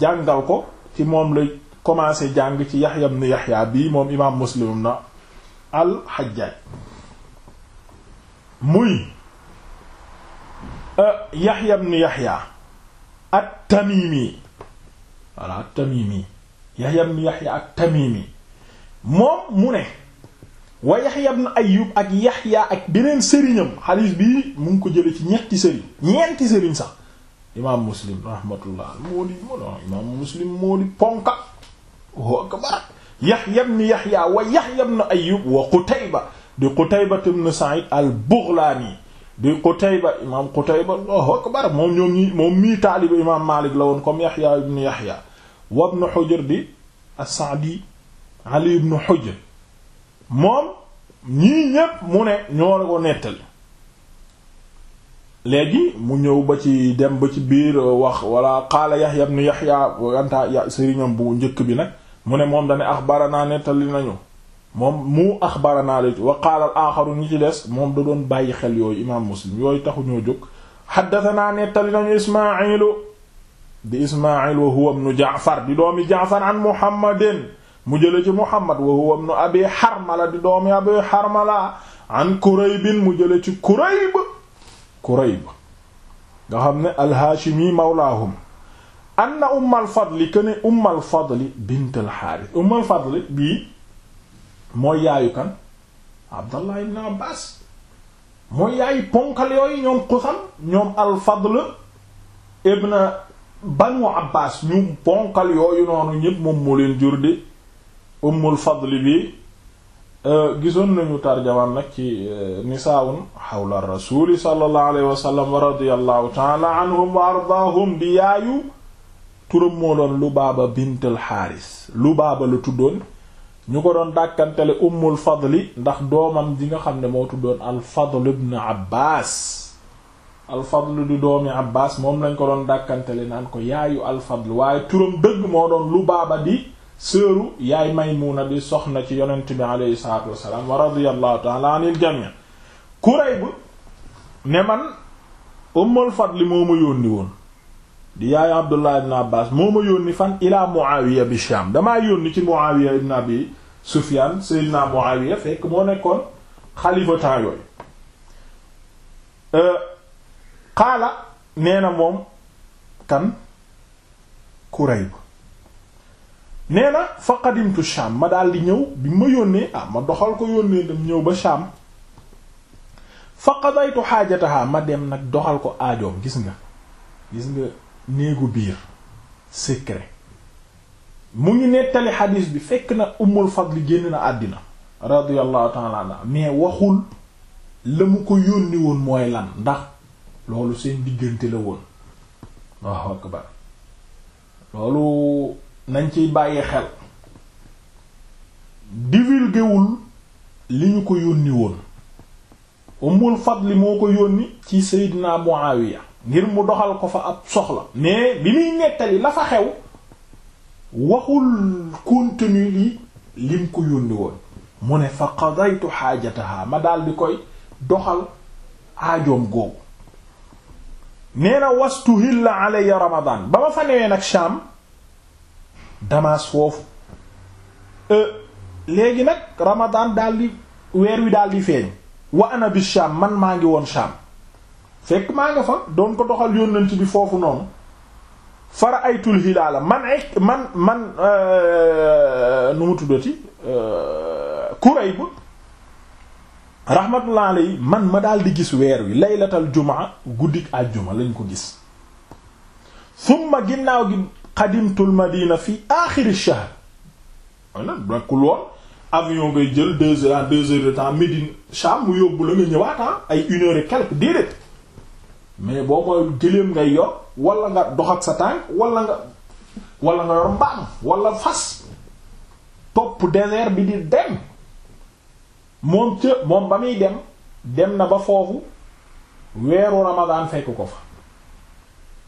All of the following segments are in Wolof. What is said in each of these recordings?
jàngal ko ci moom lay commencé jàng ci Yahya ibn Yahya bii moom imaam Muslim na al-Hajjaj muy euh, Yahya ibn Yahya at-Tamimi voilà at-Tamimi Yahya ibn Yahya at-Tamimi moom mu ne wa Yahya ibn Ayyub ak Yahya ak beneen sëriñam xadiis bii mu ngi ko jële ci ñetti sëriñ ñeenti sëriñ sax imaam muslim rahmatullah moo di moo imaam muslim moo di ponka wa akbar yaxya ibn yaxya wa yaxya ibn ayub wa qutayba di qutayba ibn sa'id al bughlani di qutayba imaam qutayba allahu akbar moom ñoom ñi moom mii taaliba imaam maalik la woon comme yaxya ibn yaxya wa ibn hujr di as-sa'di ali ibn hujr moom ñii ñépp mu ne ñoo la ko nettali léegi mu ñëw ba ci dem ba ci biir euh, wax wala qaala Yahya ibn Yahya anta ya sëriñam bu njëkk bi nag mu ne moom dane axbarana nettali nañu moom mu axbarana la wa qaala al-aaxaru ñi ci des moom da doon bàyyi xel yooyu imaam Muslim yooyu taxu ñoo jóg xaddatanaa nettali nañu Ismaa'ilu di Ismaa'il wa huwa ibnu Ja'far di doomi Ja'far an Muhammadin mu jële ci Muhammad wa huwa ibnu Abi Harmala di doomi Abi Harmala an Kurayb mu jële ci Kurayb Kurayb nga xam ne al mawlaahum anna Ummal Fadli que ne Ummal bint al-Haaris Ummal bii mooy yaayu kan Abdallah ibn Abbaas mooy yaayu ponkal yooyu ñoom Qusam ñoom al ibn Banu Abbaas ñu ponkal yooyu noonu ñépp moom moo leen jur di Ummul Fadli bi Euh, gisoon nañu tarjamaan nag ci euh, nisaawun xawla rasuli sallallahu alayhi wa sallam wa radiyallahu taala anhum wa ardaahum di yaayu turam moo doon Lubaaba bintal lu baaba la tuddoon ñu ko doon dàkkantele ummul fadli ndax doomam ji nga xam ne moo tuddoon al fadl ibn Abbaas al fadl di doomi Abbaas moom lañ ko doon dàkkantele naan ko yaayu al fadl waaye turam dëgg moo doon Lubaaba di seeru yaay Maymuna di soxna ci yonent bi aleyhi salaatu wassalaam wa radiyallahu ta'ala anil jami' Kurayb ne man Ummul Fadli moo ma yónni woon di yaay Abdullah ibn Abbas moo ma yónni fan ilaa Muawiya bi damaa yónni ci Muawiya ibn Abi Sufyan Seydina Muawiya fekk moo nekkoon xalifa yooyu xaala euh, nee moom kan Kurayb nee na fa qadimtu Sham ma daal di ñëw bi ma yónnee ah, ma doxal ko yónnee dem ñëw ba Sham fa qadaytu xaajataha ma dem nag doxal ko aajoom gis nga gis nga néegu biir secret mu ngi nettali xadiis bi fekk na Ummul Fadli génn na àddina radiyallahu ta'ala anha mais waxul la mu ko yónni woon mooy lan ndax loolu seen diggante la woon waaw akbar loolu nañ ci bàyyi xel divulguéwul li ñu ko yónni woon umul fadli moo ko yónni ci na Seydina Muawiya ngir mu doxal ko fa ab soxla mais bi muy nettali la fa xew waxul contenu yi lim ko yónni woon mu ne fa qadaytu xaajataha ma daal di koy doxal aajoom googu nee na wastuhilla alayya ramadan ba ma fa newee nag Sham Damas foofu e, léegi nag Ramadan daal di weer wi daal di feeñ wa ana Sham man maa ngi woon Sham fekk maa nga fa doon ko doxal yónnent bi foofu noonu fara aytul hilaala man ay man man e, nu mu tuddati e, Kurayb rahmatullah alayhi man ma daal di gis weer wi laylatal jumaa guddik àjjuma lañ ko gis summa ginnaaw gi xadimtul madina fi aaxiri shahr mooy nag nekkul woon avion ngay jël deux heures deux heures de temps Médine Cham mu yóbbu la nga ñëwaat ah, ay une heure et mais boo mooy gëléem ngay yor wala nga dox sa tànk walla nga wala nga yor mbaam wala fas topp désert bi di dem moom ca moom ba muy dem dem na ba foofu weeru Ramadan fekk ko fa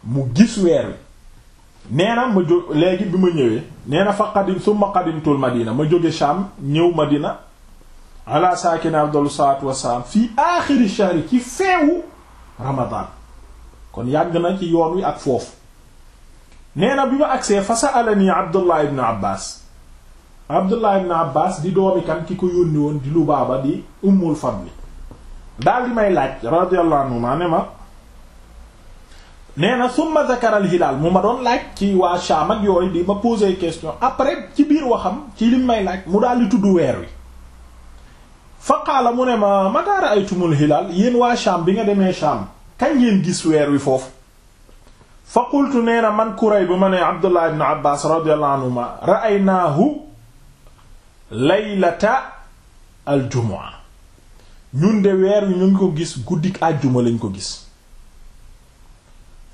mu gis weer wi nee na ma jóg léegi bi ma ñëwee nee na fa qadim summa qadimtul madina ma jóge Sham ñëw madina ala saakine afdalu salaatu wassalaam fii aaxiri shahri ci feewu ramadaan kon yàgg na ci yoon wi ak foofu nee na bi ma agsee fa sa'alani abdullah ibn abbas abdullah ibn abbas di doomi ki ko yónni woon di Lubaaba di ummul fadli daal di may laaj radiyallahu anhu ma ne ma nee na summa zakaral hilaal mu ma doon laaj ci waa Sham ak yooyu di ma poser question après ci biir waxam ci lim may laaj mu daal di tudd weer wi fa mu ne ma mata ra'aytumul hilaal yéen waa Sham bi nga demee Sham kañ ngeen gis weer wi foofu fa qultu nee na man Kurayb bu ma nee Abdullah ibn Abbas radiyallahu anhuma ra'aynaahu laylata al jumaa ñun de weer wi ñu ngi ko gis guddik àjjuma lañ ko gis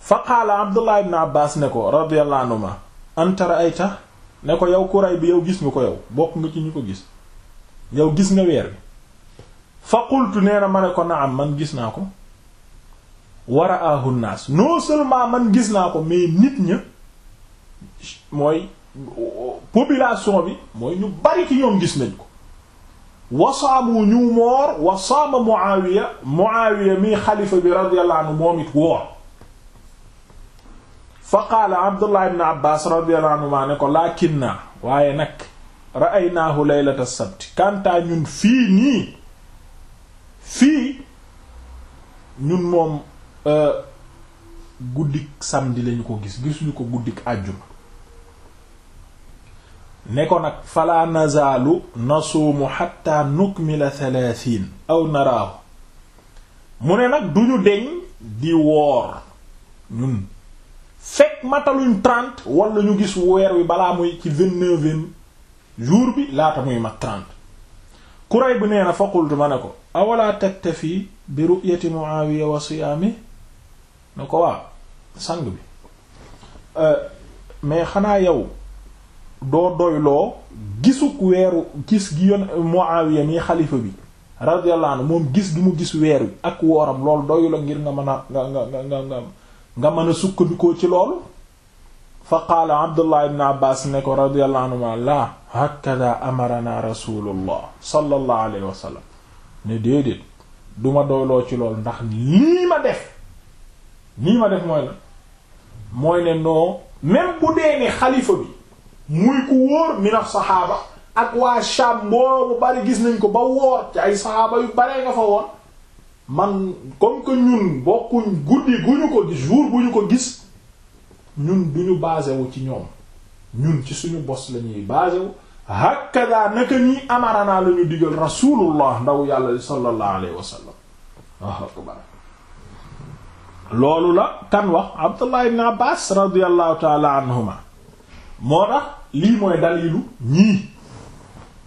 fa qaala abdullah ibn abbas ne ko radiyallahu anhuma anta ra'ayta ne ko yow kuray bi yow gis nga ko yow bokk nga ci ñu ko gis yow gis nga weer bi fa qultu nee na ma ne ko naam man gis naa ko war a ahu naas man gis naa ko mais nit ñi mooy population bi mooy ñu bari ci ñoom gis nañ ko wasaamu ñu moor wasaama Muawiya Muawiya mii xalifa bi radiyallahu anhu moom it woor fa qaala abdullah ibn abbas radiyallahu anhuma ne ko laakinna waaye nag ra'aynaahu laylata sabti kantaa ñun fii nii fii ñun moom euh, guddik samedi lañu ko gis gisuñu ko guddik àjjuma ne ko nag fala nazaalu nasuumu xatta nukmila thalathin aw naraahu mu ne nag duñu deñ di woor ñun fekk mataluñ trente wala ñu gis weer wi balaa muy ci vingt-neuvième jour bi laata muy mat trente Kurayb nee na fa qultu ma ne ko awala taktafi bi ru'yati Muawiya wa siyaami ne ko waaw sang bi euh, mais xanaa yow doo doyloo gisuk weeru gis gi yoon Muawiya nii xalifa bi radiyallahu anhu moom gis gi mu gis weer wi ak wooram loolu doyuloo ngir nga mën a nga nga nga nga nga mën a sukkandikoo ci loolu fa qaala abdullah ibn abbas ne ko radiyallahu anhuma la hakada amarana rasulullah sallallahu alayhi ne déedéet duma dooloo ci loolu ndax lii ma def lii ma def mooy la mooy ne noo même bu dee ne xalifa bi muy ku wóor minaf saxaaba ak waa Sham boobu bari gis nañ ko ba woor ci ay saxaaba yu baree nga fa woon man comme que ñun bokkuñ guddi gu ñu ko gis jour ñu ko gis ñun du ñu basé ci ñoom ñun ci suñu bos la ñuy basé wu naka nii amaranaa la ñu digal rasulullah ndaw yàlla sallallahu alayhi wa sallam loolu la kan wax abdullah ibn abbas radiallahu taala anhuma moo tax lii mooy dalilu ñii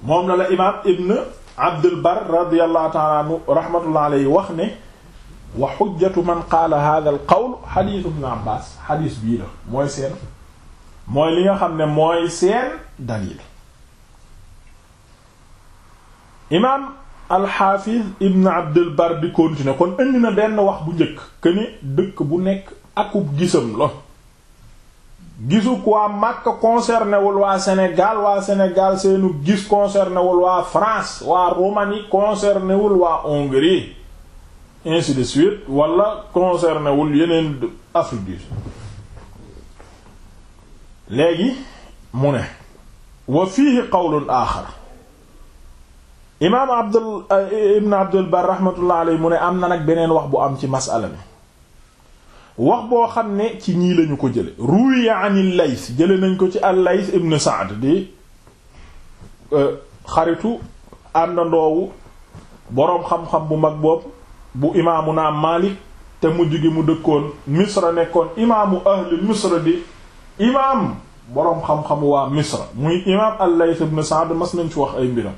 moom la la imam ibn Abdul Bar radiyallahu ta'ala anhu rahmatullah alayhi wax ne wa xujjatu man qaala hadha al qawl xadiis ibn Abbaas xadiis bii la mooy seen mooy li nga xam ne mooy seen dalil imaam alxaafiz ibn Abdul Bar di continuer kon indi na benn wax bu njëkk que ni dëkk bu nekk akub gisam la gisu waa Makka concerné wul waa Sénégal waa Sénégal seenu gis concerné wul waa France waa Roumanie concerné wul waa Hongrie ainsi de suite wala concerné wul yeneen Afrique du léegi mu ne wa fiihi qawlun aaxar imaam Abdul eh, ibn Abdul Bar rahmatullah alayhi mu ne am na nag beneen wax bu am ci masala bi wax boo xam ne ci ñii lañu ko jële ruwiya anil lays jële nañ ko ci al lays ibn saad di euh, xaritu àndandoowu boroom xam-xam bu mag boobu bu imaamu naa malik te mujj gi mu dëkkoon misra nekkoon imaamu ahli misra di imaam boroom xam-xamu waa misra muy imaam al lays saad mas nañ ci wax ay mbiram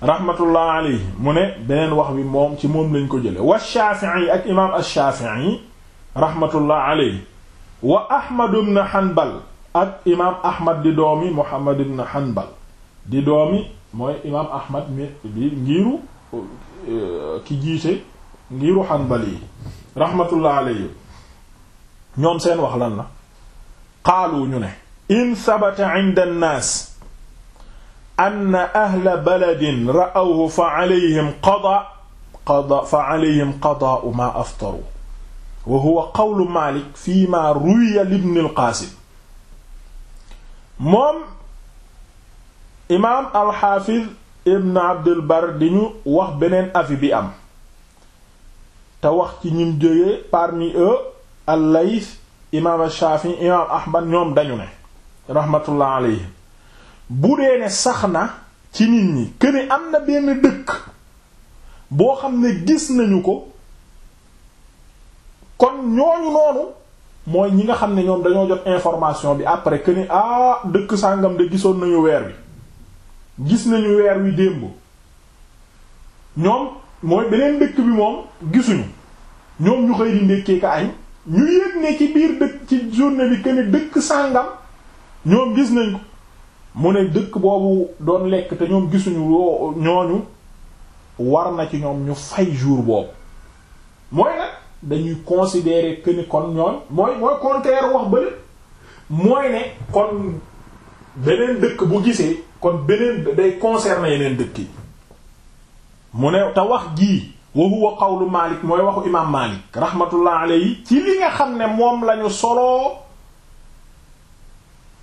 rahmatullah alayhi mu ne beneen wax bi moom ci moom lañ ko jële wa shaafi'i ak imaam al shaafi'i rahmatullah alayhi wa ahmad ibn hanbal ak imaam ahmad di doomi muhammad ibn hanbal di doomi mooy imaam ahmad mi di ngiiru eh, ki jiite ngiiru hanbal yi rahmatullah alayhi ñoom seen wax lan la qaalu ñu ne in sabata inda an-naas anna ahla baladin ra'awhu fa alayhim qada qada fa alayhim qadaa'u ma aftaru wa huwa qawlu Maalik fii ma ruwiya libn al-Qaasim moom imaam al-Haafiz ibn Abdul Bar di ñu wax beneen avis bi am te wax ci ñim jógee parmi eux al-Layth imaam al-Shaafi imaam Ahmad ñoom dañu ne rahmatullah alayhim bu dee ne sax na ci nit ñi këne am na benn dëkk boo xam ne gis nañu ko kon ñooñu noonu mooy ñi nga xam ne ñoom dañoo jot information bi après que ni ah dëkk sàngam de gisoon nañu weer bi gis nañu weer wi démb ñoom mooy beneen dëkk bi moom gisuñu ñoom ñu xëy di ndekkee ka añ ñu yëg ne ci biir dëkk ci journée bi que dëkk sàngam ñoom gis nañ ko mu ne dëkk boobu doon lekk te ñoom gisuñu ñooñu war na ci ñoom ñu fay jour boobu mooy nag dañuy considérer que ni kon ñooñ mooy mooy contraire wax bële mooy ne kon beneen dëkk bu gisee kon beneen day concerner yeneen dëkk yi mu ne te wax jii wa huwa Malik mooy waxu imaam Malik rahmatullah alayhi ci li nga xam ne moom lañu soloo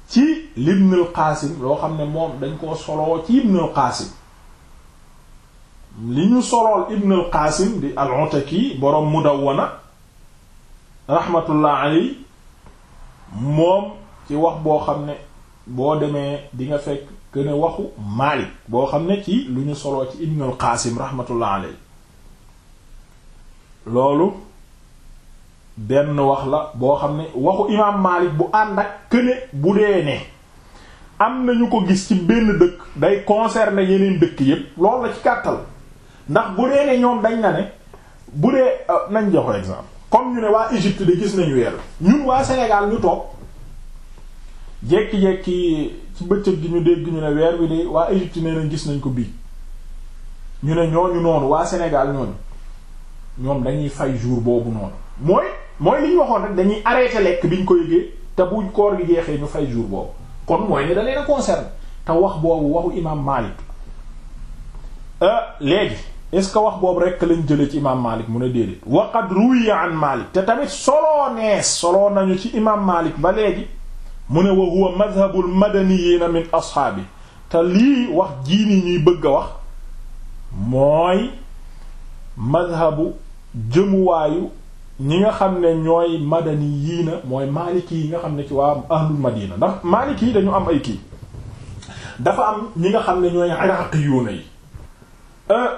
ci Ibnul Qaasim loo xam ne moom dañ koo soloo ci Ibnul Qaasim li ñu solool ibn al qaasim di al utaki boroom mudawwana rahmatullah aley moom ci wax boo xam ne boo demee di nga fekk gën waxu maalik boo xam ne ci lu ñu solool ci ibn al qaasim rahmatullah aley loolu benn wax la boo xam ne waxu imaam maalik bu ànd ak këne bu dee ne am nañu ko gis ci benn dëkk day concerner yeneen dëkk yépp loolu la ci kàttal ndax bu dee ne ñoom dañ na ne bu dee euh, nañ jox exemple comme ñu ne waa Égypte de gis nañu weer ñun waa Sénégal ñu toog jekki-jekki ci bëccëg gi ñu dégg ñu ne weer wi de waa Égypte nee nañ gis nañ ko bii ñu ne ñooñu noonu waa Sénégal ñooñu ñoom dañuy fay jour boobu noonu mooy mooy li waxoon rek dañuy arrêté lekk bi ñu ko yëgee te bu koor gi jeexee ñu fay jour boobu kon mooy ne da leen a te wax boobu waxu imam Malik euh, léegi est-ce que wax boobu rekk lañ jële ci imaam Maalik mu ne déedéet wa qad ruwiya an Maalik te tamit soloo nees soloo nañu ci imaam Maalik ba léegi mu ne wa huwa te lii wax jii bëgg a wax mooy madhabu jëmuwaayu ñi nga xam ne ñooy madaniyiina mooy maaliki yi nga xam ne ci waa ahlul madina ndax maaliki yi dañu am ay kii dafa am ñi nga xam ne ñooy iraqiyuuna yi euh,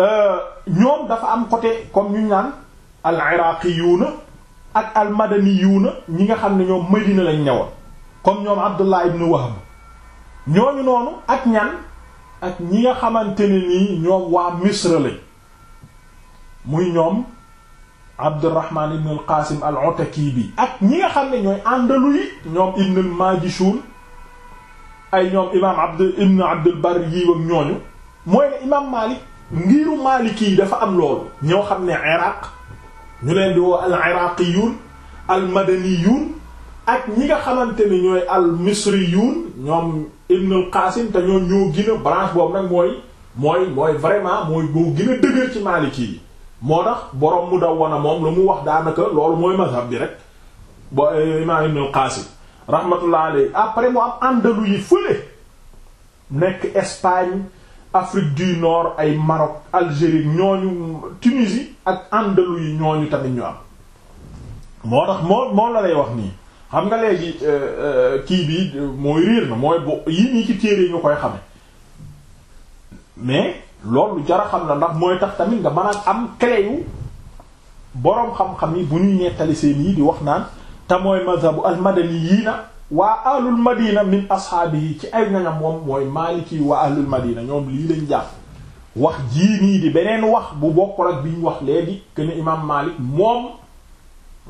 Euh, ñoom dafa am côté comme ñu naan al iraqiyuuna ak al madaniyuuna ñi nga xam ne ñoom Medina lañ ñëwoon comme ñoom Abdullah ibn Wahb ñooñu noonu ak ñan ak ñi nga xamante ne nii ñoom waa Misra lañ muy ñoom Abdurrahman ibn al Qasim al Utaki bi ak ñi nga xam ne ñooy àndalu yi ñoom ibn al Majishun ay ñoom imaam Abd ibn Abdul Barr yi ak ñooñu mooy ne imaam Malik ngiru Maliki yi dafa am loolu ñoo xam ne Iraq ñu leen di woo al iraqiyun al madaniyun ak ñi nga xamante ni ñooy al misriyun ñoom Ibn al te ñoom ñoo gën a branche boobu nag mooy mooy mooy vraiment mooy boo gën a dëgër ci Maliki yi moo tax borom Mudawwana moom lu mu wax daanaka loolu mooy mazhab bi rek ba eh, imaam Ibn al Qasim rahmatullah alayhi am Andalou yi fële nekk Espagne. Afrique du Nord ay Maroc Algérie ñooñu Tunisie ak Andalou yi ñooñu tamit ñu am moo tax moo moo la lay wax nii xam nga léegi euh, euh, kii bi mooy riir na mooy bo yi nii ci téere yi ñu koy xame mais loolu jara xam na ndax mooy tax tamit nga mën am clé yu boroom xam-xam yi bu ñuy nettali seen yi di wax naan te mooy mazhabu al-madani yii na waa ahlul madina min ashaabihi ci ay ñoñam moom mooy maaliki waa ahlul madina ñoom lii lañ jàpp wax jii nii di beneen wax bu bokkul ak bi ñu wax léegi këne imaam maalik moom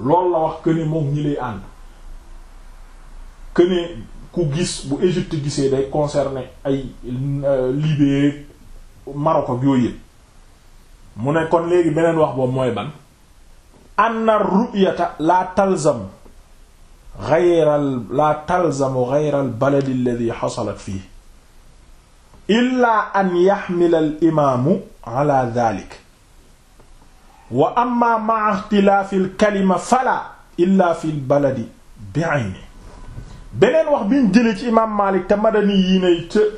loolu la wax këne moom ñi lay ànd këne ku gis bu Égypte gisee day concerner ay euh, Libye Maroc ak yooyu yëpp mu ne kon léegi beneen wax boobu mooy ban na ru'yata la talzam xayral laa talzamu xayral baladi alladi xasalat fii illaa an yaxmila al imaamu ala dalik wa amma maa ixtilaafi al kalima fala illaa fi l baladi bi ayni beneen wax biñ jëlee ci imaam Maalik te madani yi ne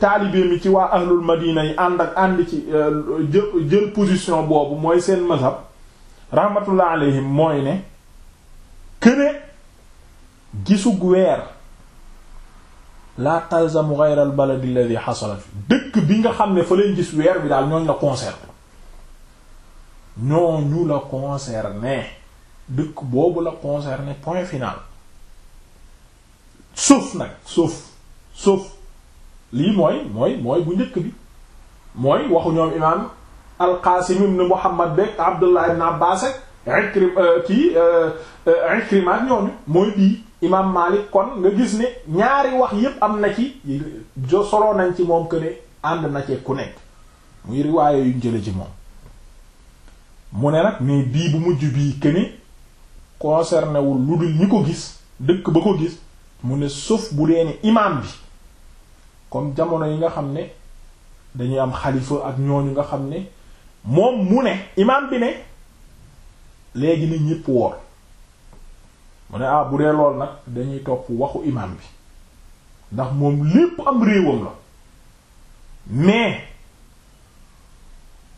taalibe mi ci waa ahlul madina yi ànd ak ànd ci euh, jël position boobu mooy seen mazhab rahmatullah alayhim mooy ne këne gisug weer la talzamu ghayra al balad alladhi dëkk bi nga xam ne fa gis weer bi daal ñooñ la concerné ñooñu la concerné dëkk boobu la concerné point final suuf nag sauf sauf lii mooy mooy mooy bu njëkk bi mooy waxu ñoom imaam al-Qaasim ibn Muhammad beeg Abdullah ibn Abbaas ak Ikrim euh, kii euh, euh, ñooñu mooy bii imaam Malik kon nga gis ne ñaari wax yépp am na ci jo soloo nañ ci moom que ne ànd na ci ku nekk muy riwaaye yuñ jële ci moom mu ne nag mais bii bu mujj bii que ne concerné lu dul ñi ko gis dëkk ba ko gis mu ne suuf bu leen ne imaam bi comme jamono yi nga xam ne dañuy am xalifa ak ñooñu nga xam ne moom mu ne imaam bi ne léegi ni ñépp woor mu ne ah bu dee lool nag dañuy topp waxu imaam bi ndax moom lépp am réewam la mais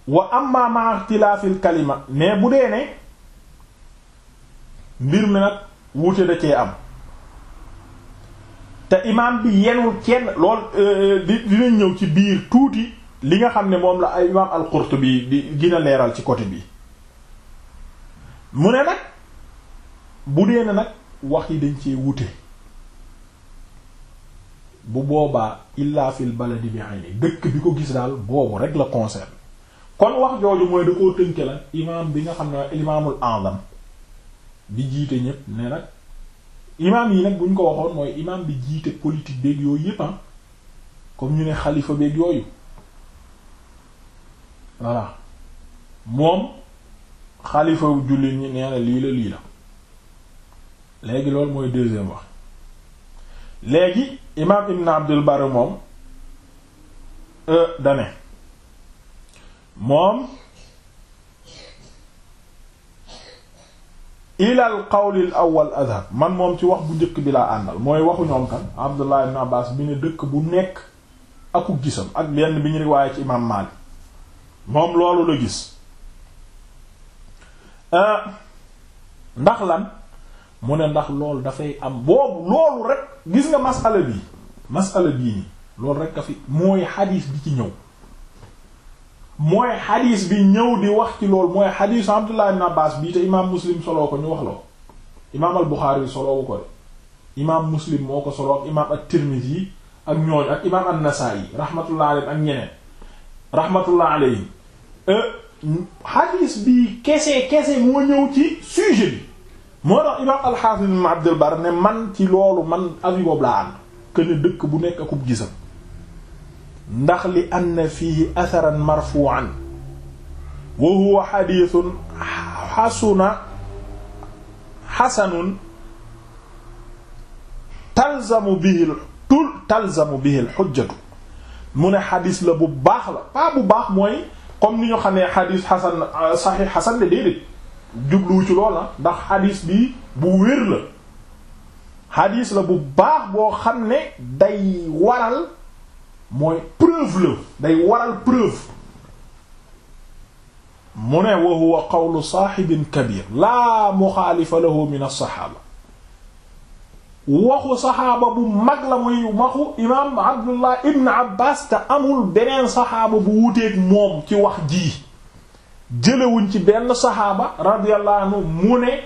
wa amma ma ixtilaafil kalima mais bu dee ne mbir mi nag wuute da cee am te imaam bi yenul kenn lool euh, di dinañ ñëw ci biir tuuti li nga xam ne moom la ay imaam al-Qurtubi di gën leeral ci côté bi mu ne nag bu dee ne nag wax yi dañ cee wute bu boobaa illa fil baladi bi ayni dëkk bi ko gis daal boobu rek la concerne kon wax jooju mooy da koo tënke la imaam bi nga xam ne imaamul a'zam bi jiite ñépp ne nag imaam yi nag bu ñu ko waxoon mooy imaam bi jiite politique beeg yooyu yépp ah comme ñu ne xalifa beeg yooyu voilà moom xalifa jullit ñi nee na lii la lii la léegi loolu mooy deuxième wax léegi imaam ibn abdul bari moom euh, dane moom ilal qawlil awwal adhab man moom ci wax bu njëkk bi laa àndal mooy waxu ñoom kan abdullah ibn abbas bi ne dëkk bu nekk aku gisam ak benn bi ñu riwaaye ci imaam maalik moom loolu la gis euh, ndax lan mu ne ndax loolu dafay am boobu loolu rek gis nga masala bi masala bii ni loolu rek a fi mooy xadiis bi ci ñëw mooy xadiis bi ñëw di wax ci loolu mooy xadiisu Abdullah ibn bii te imaam Muslim soloo ko ñu wax loo imaam al Buxaari soloowu ko de imaam Muslim moo ko solo ak imaam at yi ak ñooñu ak imaam an-Nasaa'i rahmatullah alayhim ak ñeneen rahmatullah alayhim euh, xadiis bi kese kese moo ñëw ci sujet bi moo tax imaam alxaafis ibn Abdul Bar ne man ci loolu man avis boobu laa ànd que ne dëkk bu nekk akub gisam ndax li anna fiihi atharan marfu'an wa huwa xadiisun xasuna xasanun talzamu bihi tul talzamu bihi al-hujjatu mu ne xadis la bu baax la pas bu baax mooy comme ni ñu xam ne xadis xasan saxiix xasan la déedéet jubluwu ci lool ah ndax xadiis bi bu wér la xadiis la bu baax boo xam ne day waral mooy preuve la day waral preuve mu ne wa huwa qawlu saaxibin kabir laa muxaalifa lahu min alsaxaaba waxu saxaaba bu mag la muy waxu imaam abdullah ibn abbas te amul beneen saxaaba bu wuteeg moom ci wax ji jëlewuñ ci benn saxaaba radiyallahu anhu mu ne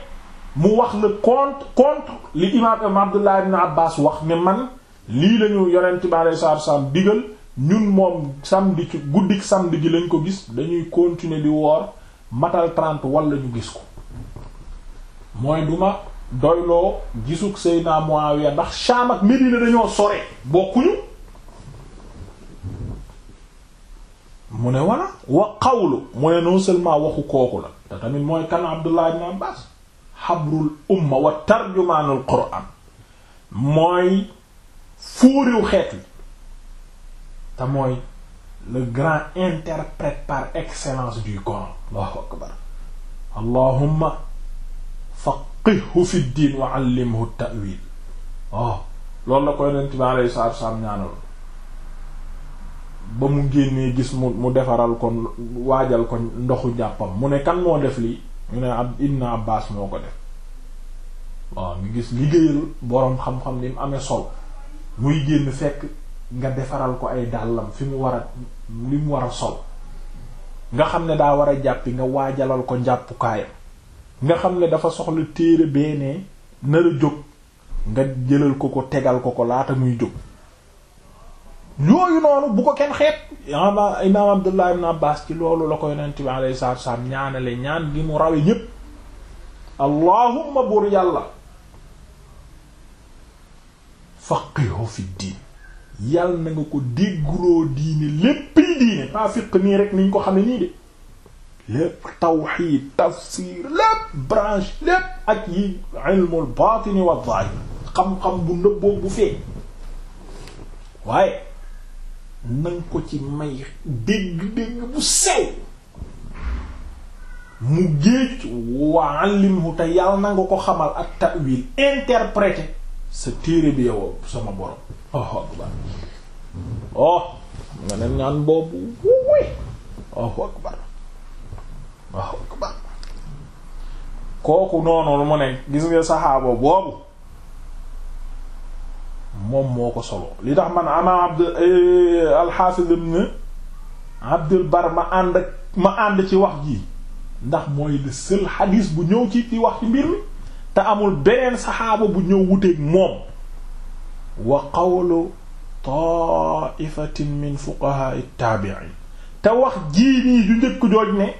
mu wax le contre contre li imaam Abdullah ibn Abbas wax ne man lii lañu yonent bi alayhi salaatu wasalaam digal ñun moom samedi ci guddik samedi gi lañ ko gis dañuy continuer di woor matal 30 wala ñu gis ko mooy duma doyloo gisug Seydina Muawiya ndax Sham ak Medina dañoo sore bokkuñu mu ne voilà wa qawlu mu ne non seulement waxu kooku la te tamit mooy kan Abdullah ibn Abbas xabrul umma wa tarjumaanul qur'an mooy fuuriw xeet te mooy le grand interprète par excellence du Coran Allahu akbar allahumma faqihhu fi ddin wa allimhu ta'wil oh loolu la koy Yonent bi alayhi salaatu wa salaam ñaanal ba mu génnee gis mu mu defaral ko waajal ko ndoxu jàppam mu ne kan moo def lii mu ne ab ibn Abbas moo ko def waaw ñu gis liggéeyal boroom xam-xam ni mu amee sol muy génn fekk nga defaral ko ay dàllam fi mu war a li mu war a sol nga xam ne daa war a jàppi nga waajalal ko njàppukaayam nga xam ne dafa soxla téere beenee nar a jóg nga jëlal ko ko tegal ko ko laata muy jóg yooyu noonu bu ko kenn xeet ama abdullah ibn abbas ci loolu la ko yonent bi alayhi salaatu wasalaam ñaanale ñaan gi mu rawe ñépp allahumma buur yàlla faqihu fi diin yàlla na nga ko dégguloo diine lépp yi diine pas fiq nii rek niñ ko xam ne nii de lépp tawxiid tafsir lépp branche lépp ak yi ilmul baatini wa zaahir xam-xam bu nëbboo bu feeñ waaye nanga ko ci may dégg-dégg bu sew mu géej waa allimhu te yàlla na ko xamal ak ta'wil interpréter sa téere bi yow sama borom oh akbar nga ne ñaan boobu wuy oh akbar kooku noonu mu ne gis nga saxaaba boobu moom moo ko solo li tax man ama abd eh, alxaafiz ibn abdul bar ma ànd ak ma ànd ci wax ji ndax mooy le seul bu ñëw ci di wax ci mbir mi te amul beneen saxaaba bu ñëw wuteeg moom wa qawlu ta'ifatin min fuqaha at te wax ji nii ju njëkk jooj ne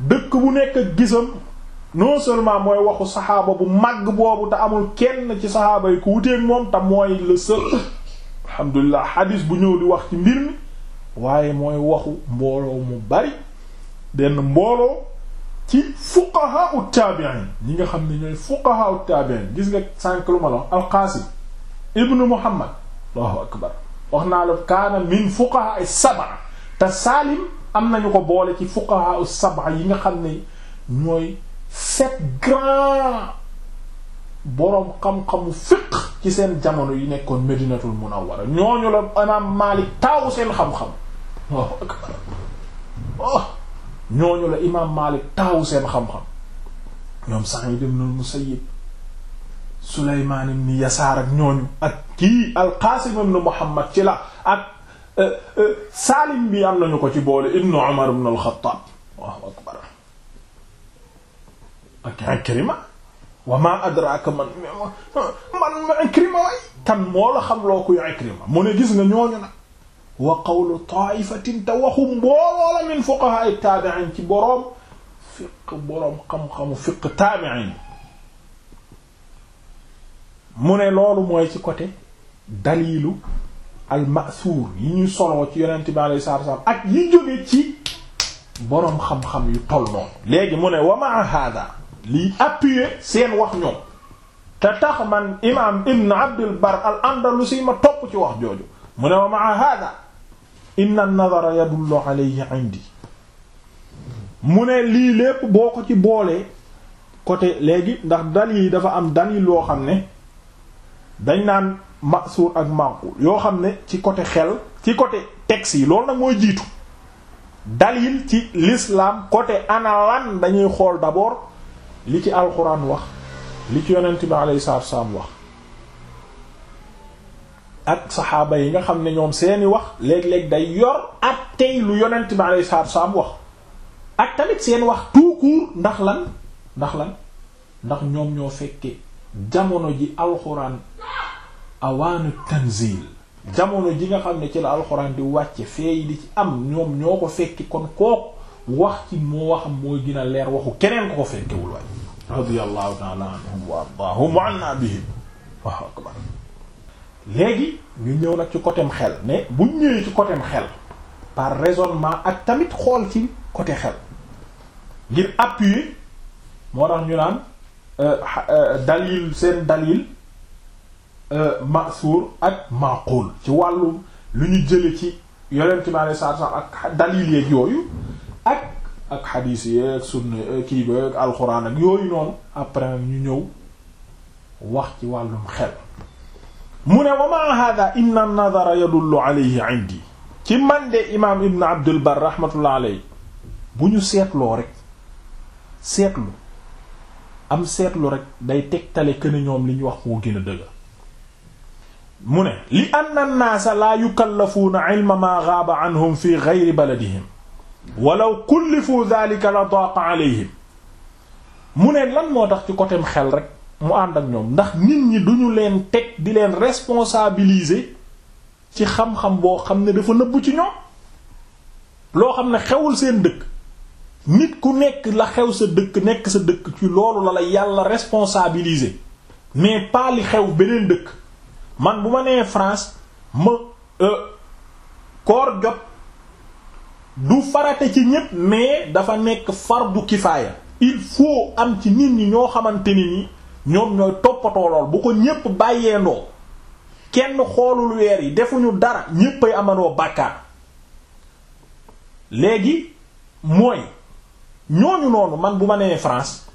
dëkk bu nekk ak gisam non seulement mooy waxu saxaaba bu màgg boobu te amul kenn ci saxaaba yi ku wuteeg moom te mooy le seul hadis bu ñëw di wax ci mbir mi waaye mooy waxu mbooloo mu bari denn mbooloo ci fuqaha ut taabi'in nga xam ne ñooy fuqaha ut taabi'in gis nga sànq lu ma la wax alqaasim ibnu muhammad allahu akbar wax naa la kaana min fuqaha as te saalim am nañu ko boole ci fuqaha as yi nga xam ne ñooy sept grands boroom xam-xamu fiqh ci seen jamono yi nekkoon Medinatul Munawwara ñooñu la imaam Maalik seen xam oh. ñooñu la imaam Maalik taawu seen xam-xam ñoom Sa'id ibn al-Musayyib Sulaymaan ibn Yasaar ak ñooñu ak al-Qaasim ibn Muhammad ci la ak euh, euh, bi am nañu ko ci boole ibn Umar ibn al-Khattab Allahu akbar ak Ikrima wa ma adraka man ma Ikrima way kan moo la xam loo kuy Ikrima mu gis nga ñooñu nag wa qawlu ta'ifatin te waxu min fuqaha tabi'in ci boroom fiq boroom loolu mooy ci côté dalilu almasuur yi ñuy soloo ci yonente bi alayhi ak yi jóge ci boroom xam-xam yu toll noonu léegi wa ma'a hada lii appuyer seen wax ñoom te tax man imaam ibn abdul bar al andalusi ma topp ci wax jooju mu ne wa maa hada inna an-nazara yadullu alayhi indi mu ne lii lépp boo ko ci boolee côté léegi ndax dal yi dafa am dalil yoo xam ne dañ naan masuur ak manqul yoo xam ne ci côté xel ci côté texte yi loolu nag mooy jiitu dalil ci lislaam côté analan dañuy xool d'abord li ci alxuraan wax li ci yonent bi alayhi salaatu wax ak saxaaba yi nga xam ne ñoom seeni wax léeg-léeg day yor ak tey lu yonent bi alayhi salaatu wassalaam wax ak tamit seen wax tout ndax lan ndax lan ndax ñoom ñoo fekke jamono ji alxuraan awaanu tanzil jamono ji nga xam ne ci la alxuraan di wàcce feey di ci am ñoom ñoo ko fekki kon kooku wax ci moo waxam mooy gën a leer waxu keneen ko ko fekkewul waay radiyallahu ta'ala anhum wa ardaahum wa anna bihim waaw akbar léegi ñu ñëw nag ci côté xel mais bu ñëwee ci côté xel par raisonnement ak tamit xool ci côté xel ngir appuyer moo tax ñu naan euh, euh, dalil seen dalil euh, masuur ak maqul ci wàllu lu ñu jële ci yolente bi alei satu ak dalil yeeg yooyu ak ak xadiis yee ak sunna kii ba alxuraan ak yooyu noonu après ñu ñëw wax ci wàllum xel mu ne wa ma hada inna nadara yadullu ci man de imaam ibn bu ñu seetloo rek seetlu am seetlu rek day tegtale këne ñoom li ñu wax moo gën a dëgg laa yukallafuuna ilma maa gaaba anhum fi gayri baladihim walaw kullifu dhalika la daqa alayhim mu ne lan moo tax ci côté xel rek mu ànd ak ñoom ndax nit ñi duñu leen teg di leen responsabiliser ci xam-xam boo xam ne dafa nëbbu ci ñoom loo xam ne xewul seen dëkk nit ku nekk la xew sa dëkk nekk sa dëkk ci loolu la la yàlla responsabiliser mais pas xew beneen dëkk man bu ma nee France ma euh, koor jot du farate ci ñépp mais dafa nekk far fardu kifaaya il faut am ci nit ñi ñoo xamante ni ni ñoom ñooy toppatoo lool bu ko ñépp bàyyeendoo kenn xoolul weer yi defuñu dara ñéppay amandoo bàkkaar léegi mooy ñooñu noonu man bu ma nee France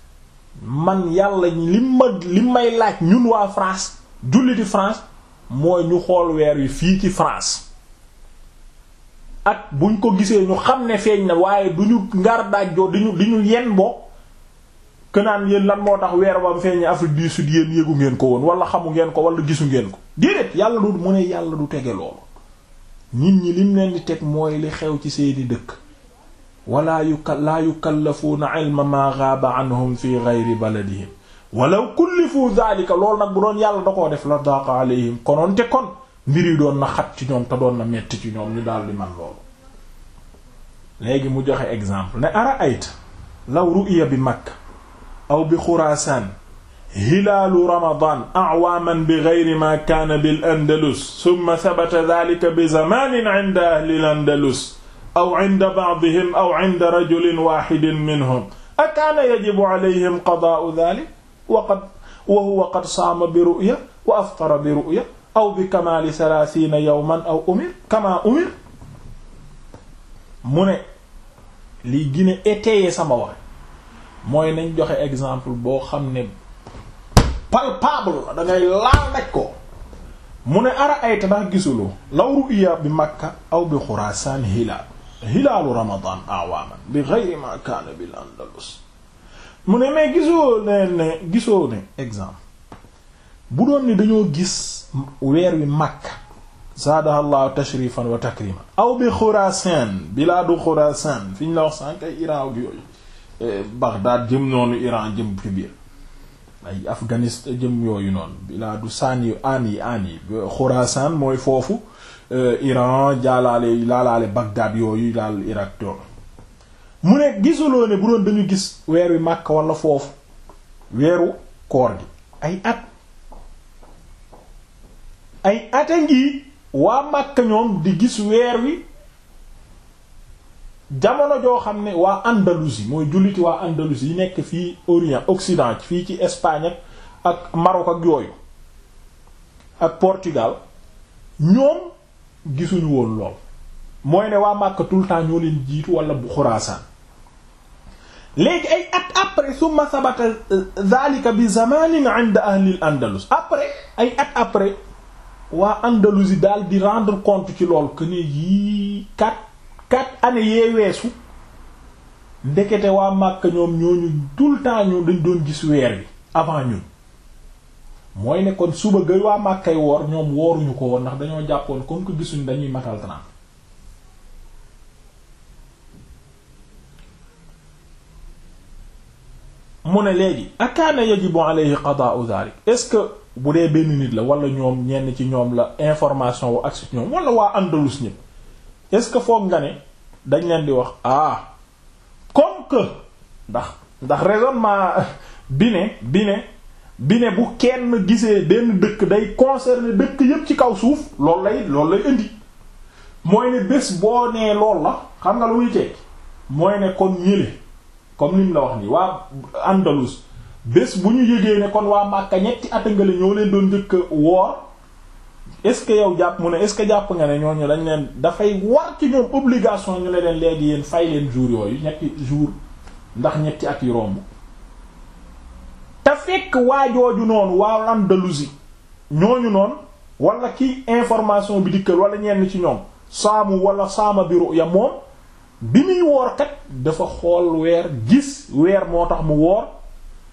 man yàlla li ma lim may laaj ñun waa France julli di France mooy ñu xool weer wi fii ci France ak buñ ko gisee ñu xam ne feeñ na waaye du ñu ngar daajjoo diñu di ñu yen boo kënaan yéen lan moo tax weer wam feeñ Afrique du Sud yéen yégu ngeen ko woon wala xamu ngeen ko wala gisu ngeen ko déedéet yàlla du mu ne yàlla du tege loolu nit ñi lim leen di teg mooy li xew ci seeni dëkk wala yuka laa yukallafuuna ilma maa gaaba anhum fi gayri baladihim walaw kullifu daalika loolu nag bu doon yàlla da koo def la daaqa alayhim konoon te kon mbir yi doon na xat ci ñoom te doon na metti ci ñoom ñu daal di man loolu léegi mu joxe exemple ne ara ayta law ru'iya bi makka aw bi xuraasaan hilaalu ramadan a'waaman bi ghayri ma kaana bil andalus thumma thabata dhalika bi zamanin 'inda ahli al andalus aw 'inda ba'dihim aw 'inda rajulin wahidin minhum akaana yajibu 'alayhim qadaa'u dhalik wa qad wa huwa qad saama bi ru'ya wa aftara bi ru'ya aw bi kamaali salaasiina yawman aw umir kama umir mu ne lii gën a étayer sama wax mooy nañ joxe exemple boo xam ne palpable la dangay laal daj ko mu ne ara ayta ndax gisuloo law ru'ya bi makka aw bi xuraasaan hilaal hilaalu ramadan awaaman bi ghayri ma kaana bil andalus mu ne mais gisoo ne ne gisoo ne exemple bu doon ni dañoo gis weer wi makk zaadaha llahu tashrifan wa takrima aw bi bilaadu Xuraasaan fi la wax sànq ay Iran ak yooyu eh, Baghdad jëm noonu Iran jëm ci ay Afghanistan jëm yooyu noonu bilaadu saan yi aan yi mooy foofu eh, Iran jaalaale laalaale Baghdad yooyu laal Irak to mu ne gisuloo ne bu doon dañu gis weer wi Makka wala foofu weeru koor gi ay at ay ate ngi waa Makka ñoom di gis weer wi jamono joo xam ne waa Andalousie mooy julliti waa Andalousie yi nekk fii Orient Occident fii ci Espagne ak Maroc ak yooyu ak Portugal ñoom gisuñu woon lool mooy ne waa Makka tout ñoo leen jiitu wala bu Xuraasaan léegi ay at après summa sabata euh, zalika bi zamanin inda ahli al-Andalus après ay at après waa Andalousie daal di rendre compte ci lool que ne yii quatre quatre années yee weesu ndekete waa Màkka ñoom ñooñu tout le temps ñu dañ doon gis weer bi avant ñun mooy ne kon suba gay waa Màkkay woor ñoom wooruñu ko woon ndax dañoo jàppoon comme que gisuñ dañuy matal trente mu ne léegi akaana yajibu alayhi qada'u dhalik est-ce que bu dee benn nit la wala ñoom ñenn ci ñoom la information wu ak ci ñoom wala waa Andalus ñëpp est-ce que foog nga ne dañ leen di wax ah comme que ndax ndax raisonnement bi ne bi ne bu kenn gisee benn dëkk day concerner dëkk yépp ci kaw suuf loolu lay loolu lay indi mooy ne bés boo nee lool la xam nga lu muy mooy ne kon ñële comme ni mu la wax nii waa Andalus bés bu ñu yégee ne kon waa Màkka ñetti atangale ñoo leen doon njëkk woor est-ce que yow jàpp mu ne est-ce que jàpp nga ne ñoo ñooñu dañ leen dafay war ci ñoom obligation ñu ne leen léegi yéen fay leen jour yooyu ñetti jour ndax ñetti at yu romb te fekk waajooju noonu waa Andalusi ñooñu noon wala ki information bi dikkal wala ñenn ci ñoom saamu wala saama bi ruya moom bi muy woor kat dafa xool weer gis weer moo tax mu woor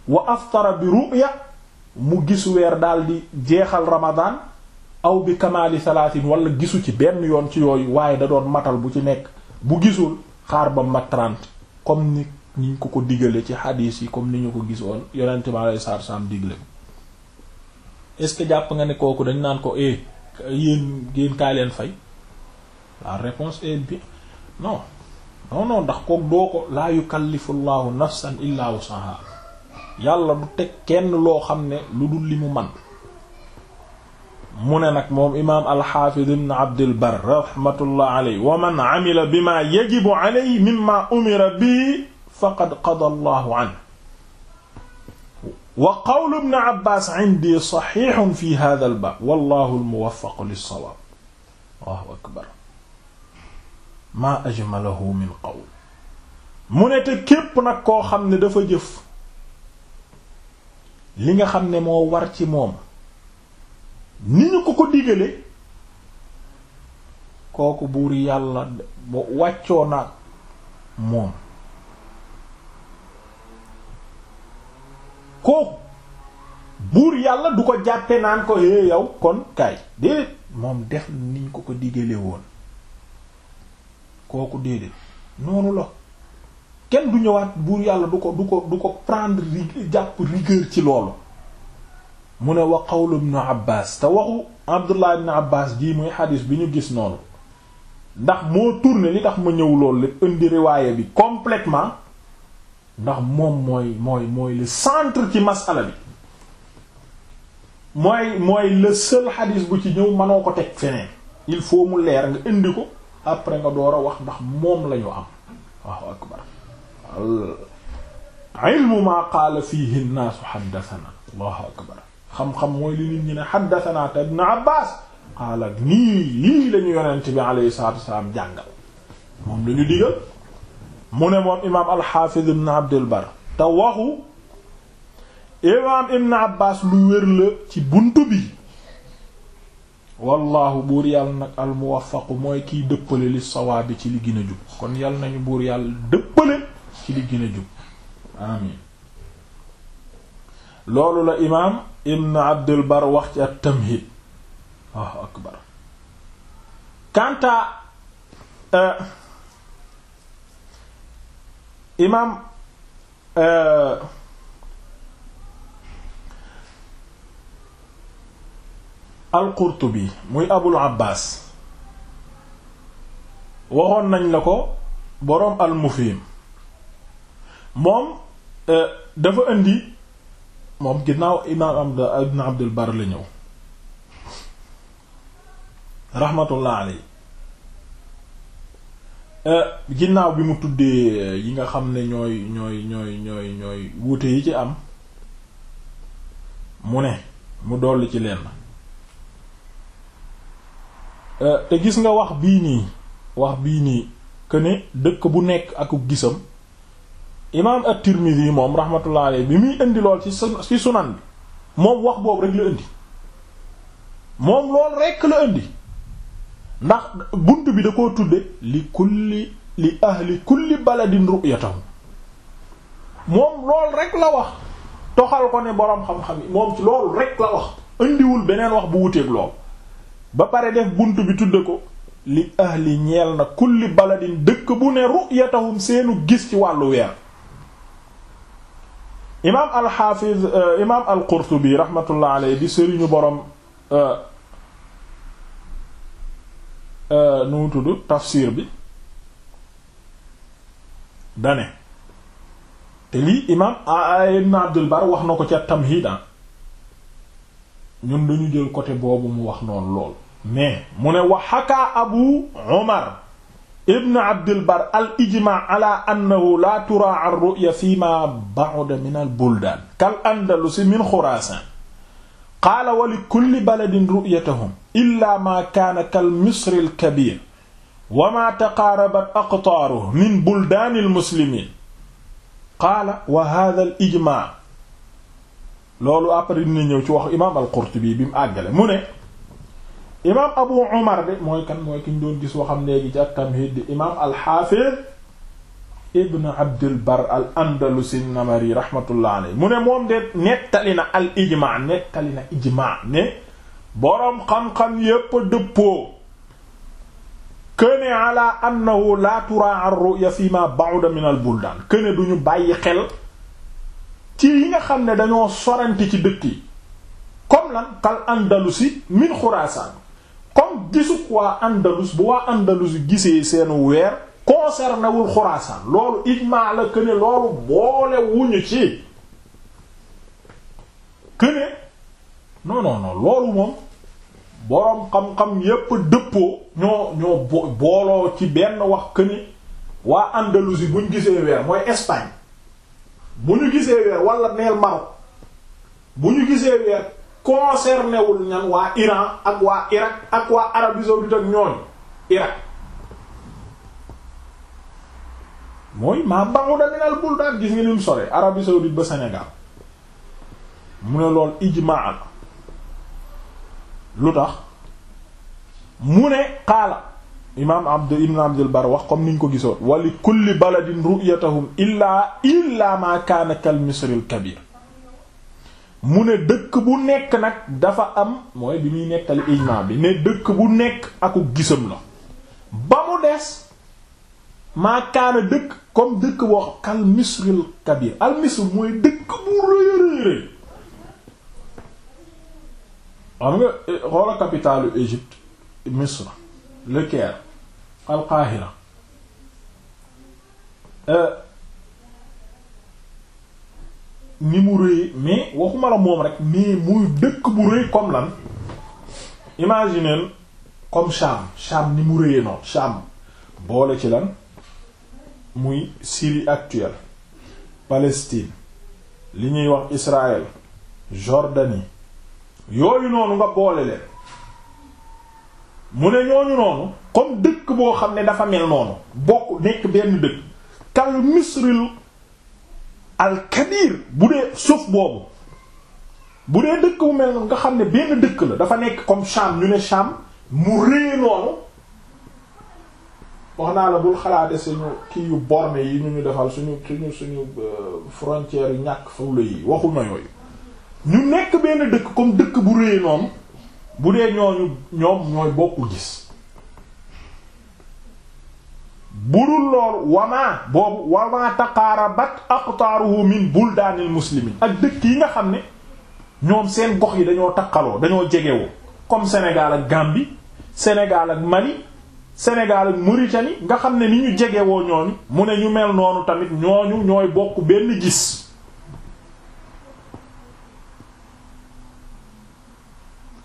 wa aftara bi ru'ya mu gis weer daal di jeexal ramadaan aw bi kamaali salaatin walla gisu ci benn yoon ci yooyu waaye da doon matal bu ci nekk bu gisul xaar ba mat trente comme ni niñ ko digale ci xadiis yi comme ni ñu ko gisoon yonente bi alayhi salaatu salaam digle est-ce que jàpp nga ne kooku dañ naan ko eh yéen yéen kaay leen fay la réponse est bien non non ndax kooku doo ko laa yukallifu llahu nafsan illa wusaha yàlla du teg kenn loo xam ne lu dul li mu man mu ne nag moom imaam alxaafid ibn abdil bar rahmatullah aley wa man amila bi ma yajibu aley mimma umira bi faqad qada allahu an wa qawlu ibn abbas indi saxiixun fi hada al baab wallahu almuwafaqu lilsawaab allahu akbar maa ajmalahu min qawl mu ne te képp nag koo xam ne dafa jëf li nga xam ne moo war ci moom ni ñu ko ko digale kooku buur yàlla ba wàccoo naag moom kooku buur yàlla du ko jàppe naan ko yee yow kon kaay déedéet moom def niñ ko ko digale woon kooku déedéet noonu la kenn du ñëwaat buur yàlla du ko du ko du ko prendre jàpp rigueur ci loolu mu ne wax wa qawlu ibnu abbas te waxu abdullah ibnu abbas jii muy xadis bi ñu gis noonu ndax moo tourné li tax ma ñëw loolu lépp indi riwaayé bi complètement ndax moom mooy mooy mooy centre ci masala bi mooy mooy le seul xadis bu ci ñëw mënoo ko teg feneen il faut mu leer nga indi ko après nga door a wax ndax moom la ñu am waaw akbar ilmu maa qaala fiihi xam-xam mooy li nit ñi ne xaddasanaa te ibn abbas qaala nii lii yonent bi alayhi salaatu wasalaam jàngal moom la ñu mu ne moom imaam alxaafid ibn abdul te waxu imaam ibn abbas lu wér la ci buntu bi wallahu buur yàlla nag al muwaffaqu mooy kiy dëppale li sawaabi ci li gën a jub kon yàlla nañu buur yàlla dëppale ci li gën a jub amin loolu la imaam ibn abdul bar wax ci at tamhid waaw kanta euh, imaam euh, al qurtubi muy abul abbaas waxoon nañ la ko boroom al mufhim moom euh, dafa indi moom ginnaaw imaam am Abdul Bar la ñëw rahmatullah aley euh, ginnaaw bi mu tuddee yi nga xam ne ñooy ñooy ñooy ñooy ñooy wuute yi ci am mu ne mu dolli ci lenn euh, te gis nga wax bii nii wax bii nii que ne dëkk bu nekk aku gisam imaam at-Tirmidhi moom rahmatullah alayhi bi muy indi lool ci ci sunan bi moom wax boobu rek la indi moom lool rekk la indi ndax bunt bi da koo tudde li kulli li ahli kulli lool rek la wax toxal ko ne boroom xam moom ci rek la indiwul beneen wax bu wuteeg lool ba pare def bunt bi tudde ko li ahli ñeel na kulli baladin dëkk bu ne ru'yatahum seenu gis ci wàllu weer imaam alxaafiz euh, imaam alqurtubi rahmatullah aleyhi di sëriñu borom euh, euh, nu mu tudd tafsir bi dane te lii imaam ibn abdul wax na ko ca tamhid ah. ñun dañu jël côté boobu mu wax noonu lool mais mu ne waxakaa abu omar ibn abdul bar al ijma ala annahu la tura ar ru'ya fi ma ba'da min al buldaan kal andalusi min xuraasaan qaala wa li kulli baladin ru'yatahum illa ma kaana kal misri al kabiir wa ma taqaarabat aqtaaruhu min buldaani al muslimiin qaala wa haadha al ijma loolu après dina ñëw ci wax imaam al qurtubi bi mu àggale mu ne imaam abu umar de mooy kan mooy ki doon gis waxam léegi ci at-Tamhid imaam al ibn abdul al andalusi namari rahmatullah mu ne moom de nettali na al ijma na ijma ne boroom xam-xam yépp dëppoo këne ala annahu la tura ar-ru'ya fi buldaan këne duñu bàyyi xel ci yi nga xam ne dañoo sorante ci dëkk yi comme lan kal andalusi min xuraasaan comme gisuk waa Andalus bu waa Andalus gisee seenu weer concerné wul Xuraasaan loolu ijmaa la këne loolu boole wuñu ci këne non non non loolu moom boroom xam-xam yépp dëppoo ñoo ñoo booloo ci benn wax këne waa Andalousie buñ gisee weer mooy Espagne bu ñu gisee weer wala neel Maroc bu ñu gisee weer concerné wul ñan waa Iran ak waa Irak ak waa Arabie saoudite ak ñooñu Irak mooy maa banguda minal buldan gis nga ni mu sore Arabie saoudite ba Sénégal mu ne lool ijmaa lu tax mu ne qaala imaam abd ibn abdul bar wax comme niñ ko gisoon wali kulli baladin ru'yatahum illaa illaa ma kaana kal kabir mu ne dëkk bu nekk nag dafa am mooy bi muy nettali ijmaa bi ne dëkk bu nekk aku gisam la ba mu des maa kaana dëkk comme dëkk boo xam kal misril kabir al misr mooy dëkk bu rëy rëy xam nga eh, xoola capitalu Égypte Misr le Caire al Qahira eh, ni mu rëy mais waxuma la moom rek mais muy dëkk bu rëy comme lan imaginez comme Cham Cham ni mu rëyee noonu Cham boole ci lan muy Syrie actuelle Palestine li ñuy wax Israël Jordanie yooyu noonu nga boole leen mu ne ñooñu noonu comme dëkk boo xam ne dafa mel noonu bokk nekk benn dëkk kal misril alkabir bu dee suuf boobu bu dee dëkk bu mel nga xam ne benn dëkk la dafa nekk comme Sham ñu ne Sham mu rëy noonu wax naa la bul xalaate suñu kii yu borne yi ñu ñu defal suñu suñu suñu euh, frontière yu ñàkk fawla yi waxuma yooyu ñu nekk benn dëkk comme dëkk bu rëy noonu bu dee ñooñu ñoom ñooy bokku gis budul loolu wamaa boobu wamaa taqaarabat aqtaaruhu min buldaanil muslimiin ak dëkk yi nga xam ne ñoom seen gox yi dañoo takkaloo dañoo jegewoo comme Sénégal ak Gambie Sénégal ak Mali Sénégal ak Mauritanie nga xam ne ni ñu jegewoo ñooñu mu ne ñu mel noonu tamit ñooñu ñooy bokk benn gis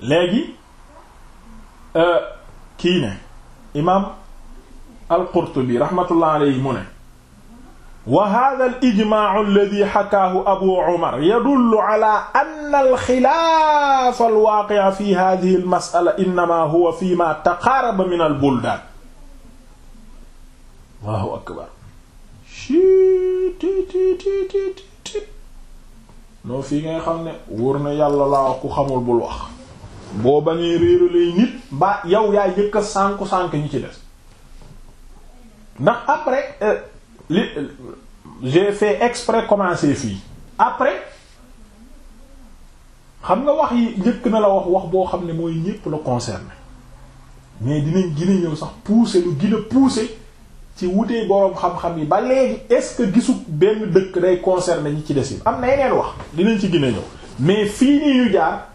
léegi euh, kii ne imaam al-Qurtubi rahmatullah alayhi mu ne wa hada al ijmau alladi xakaahu abu umar yadullu ala ann alxilaaf alwaaqica fi hadihi almasala innama huwa fi ma taqaaraba min albuldaan allahu akbar noo fii ngay xam ne wóor na yàlla laa ku xamul bul wax boo bañee réeralay nit ba yow yaa jëkk a sànku-sànk ñi ci des ndax après euh, li euh, j'ai fait exprès commencer fii après xam nga wax yi njëkk na la wax wax boo xam ne mooy ñépp la concerné mais dinañ gën ñëw sax pousser lu gën a ci wutee boroom xam-xam yi ba léegi est-ce que gisu benn dëkk day concerné ñi ci des yi am na yeneen wax dinañ ci gën a ñëw mais fii nii ñu jaar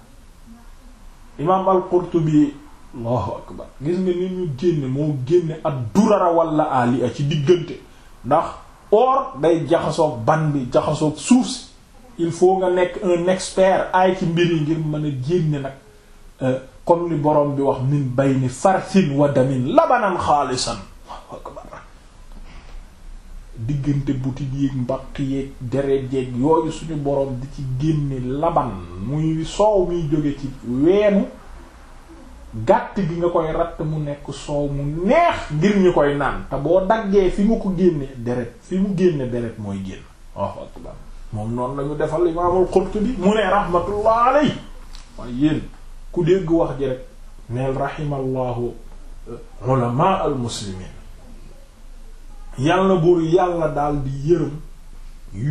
imam al-Qurtubi allahu akbar gis nga ni ñu génne moo génne ak durara walla ali a ci diggante ndax or day jaxasoog ban bi jaxasoog suuf si il faut nga nekk un expert aay ci mbir yi ngir mën a génne nag euh, comme li borom bi wax min bayni farsin wa damin labanan xaalisan allahu akbar diggante butit yéeg mbaq yéeg deret yéeg yooyu suñu borom di ci génne laban muy soow muy jóge ci weenu gàtt bi nga koy ratt mu nekk soow mu neex ngir ñu koy naan te boo daggee fi mu ko génne deret fi mu génne deret mooy génn waaw akbar moom noonu lañu defal imaamul Qurtubi mu ne rahmatullah aley waaye yéen ku dégg wax ji rek neel rahimallahu eh, ulama al muslimin yàlla buur yàlla daal di yërëm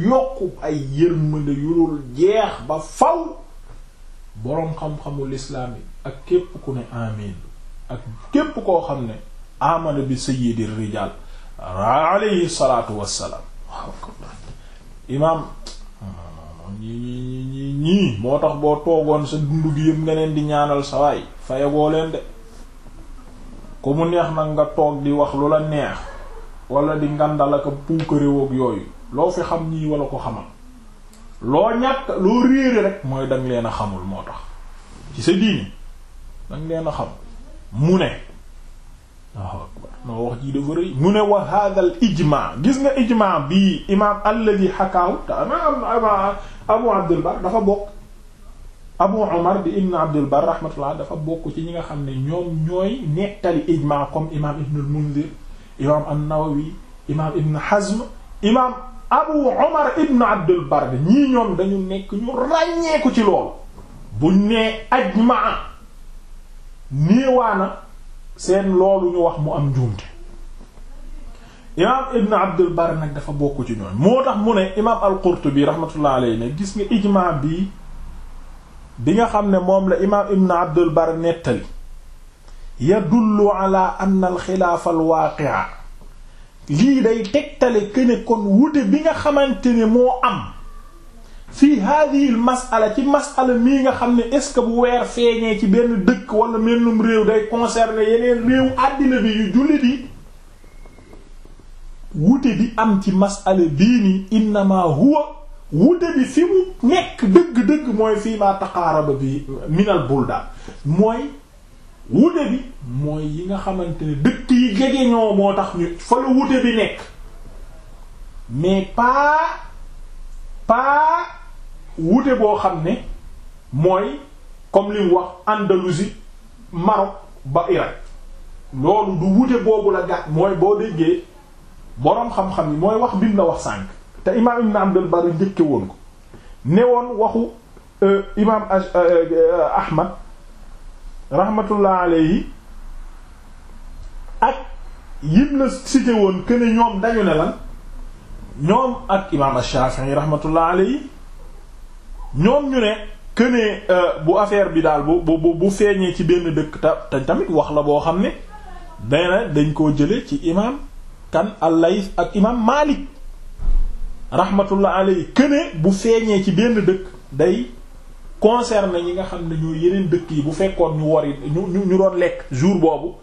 yokku ay yërmande yu dul jeex ba faw boroom xam-xamu lislaam yi ak képp ku ne amin ak képp koo xam ne amana bi sayyidi rijal alayhi salatu wassalaam imaam ñi ñi ñi ñii moo tax boo toogoon sa dund gi yëpp nga leen di ñaanal sa waay faye boo leen de ku mu neex nag nga toog di wax lu la neex wala di ngandalaka puukaréwoog yooyu loo fi xam ñii wala ko xamal loo ñàkk loo réere rek mooy danga leen a xamul moo tax ci sa diini danga leen a xam mu ne waaw noo wax jii dafa rëy mu ne wa hadal ijma gis nga ijma bii imam alladi xakaahu te ama abu abdul bar dafa bokk abu umar di ibn abdul bar rahmatullah dafa bokk ci ñi nga xam ne ñoom ñooy nettali ijma comme imam ibn al munzir imam nawawi imam ibn hazm imam abu omar ibn abdul bar ñii ñoom dañu nekk ñu ràññeeku ci loolu bu nee ajmaa néewaana seen loolu ñu wax mu am njuumte imaam ibn abdul bar nag dafa bokk ci ñooñ moo tax mu ne imaam al qurtubi rahmatullah alayhi ne gis nga ijmaa bi bi nga xam ne moom la imaam ibn abdul bar nettali yadullu ala anna al xilaafa al waaqi'a lii day tegtale këne kon wute bi nga xamante ne moo am fi hadihi l masala ci masala mii nga xam ne est-ce que bu weer feeñee ci benn dëkk wala melnum réew day concerner yeneen réew àddina bi yu jullit yi wute bi am ci masala bii nii innama huwa wute bi fi mu nekk dëgg-dëgg mooy fii maa taqaaraba bi minal buldaan mooy wute bi mooy yi nga xamante ne dëkk yi jege ñoo moo tax ñu fa la wute bi nekk mais pas pas wute boo xam ne mooy comme li wax Andalousie Maroc ba Irak loolu du wute boobu la gàtt mooy boo déggee boroom xam-xam yi mooy wax bi mu la wax sànq te imaam Ibn Abdul bari njëkke woon ko ne woon waxu euh, imaam euh, euh, Ahmad rahmatullah alayhi ak yim la cité woon que ñoom dañu ne lan ñoom ak imaam Shafi'i rahmatullah alayhi ñoom ñu ne que euh, bu affaire bi daal bu bu bu feeñee ci benn dëkk tamit wax la boo xam ne nee na dañ koo jële ci imaam kan al-Layth ak imaam Malik rahmatullah alayhi que bu feeñee ci benn dëkk day. concerne ñi nga xam ne ñoo yeneen dëkk yi bu fekkoon ñu wari ñu ñu ñu doon lekk jour boobu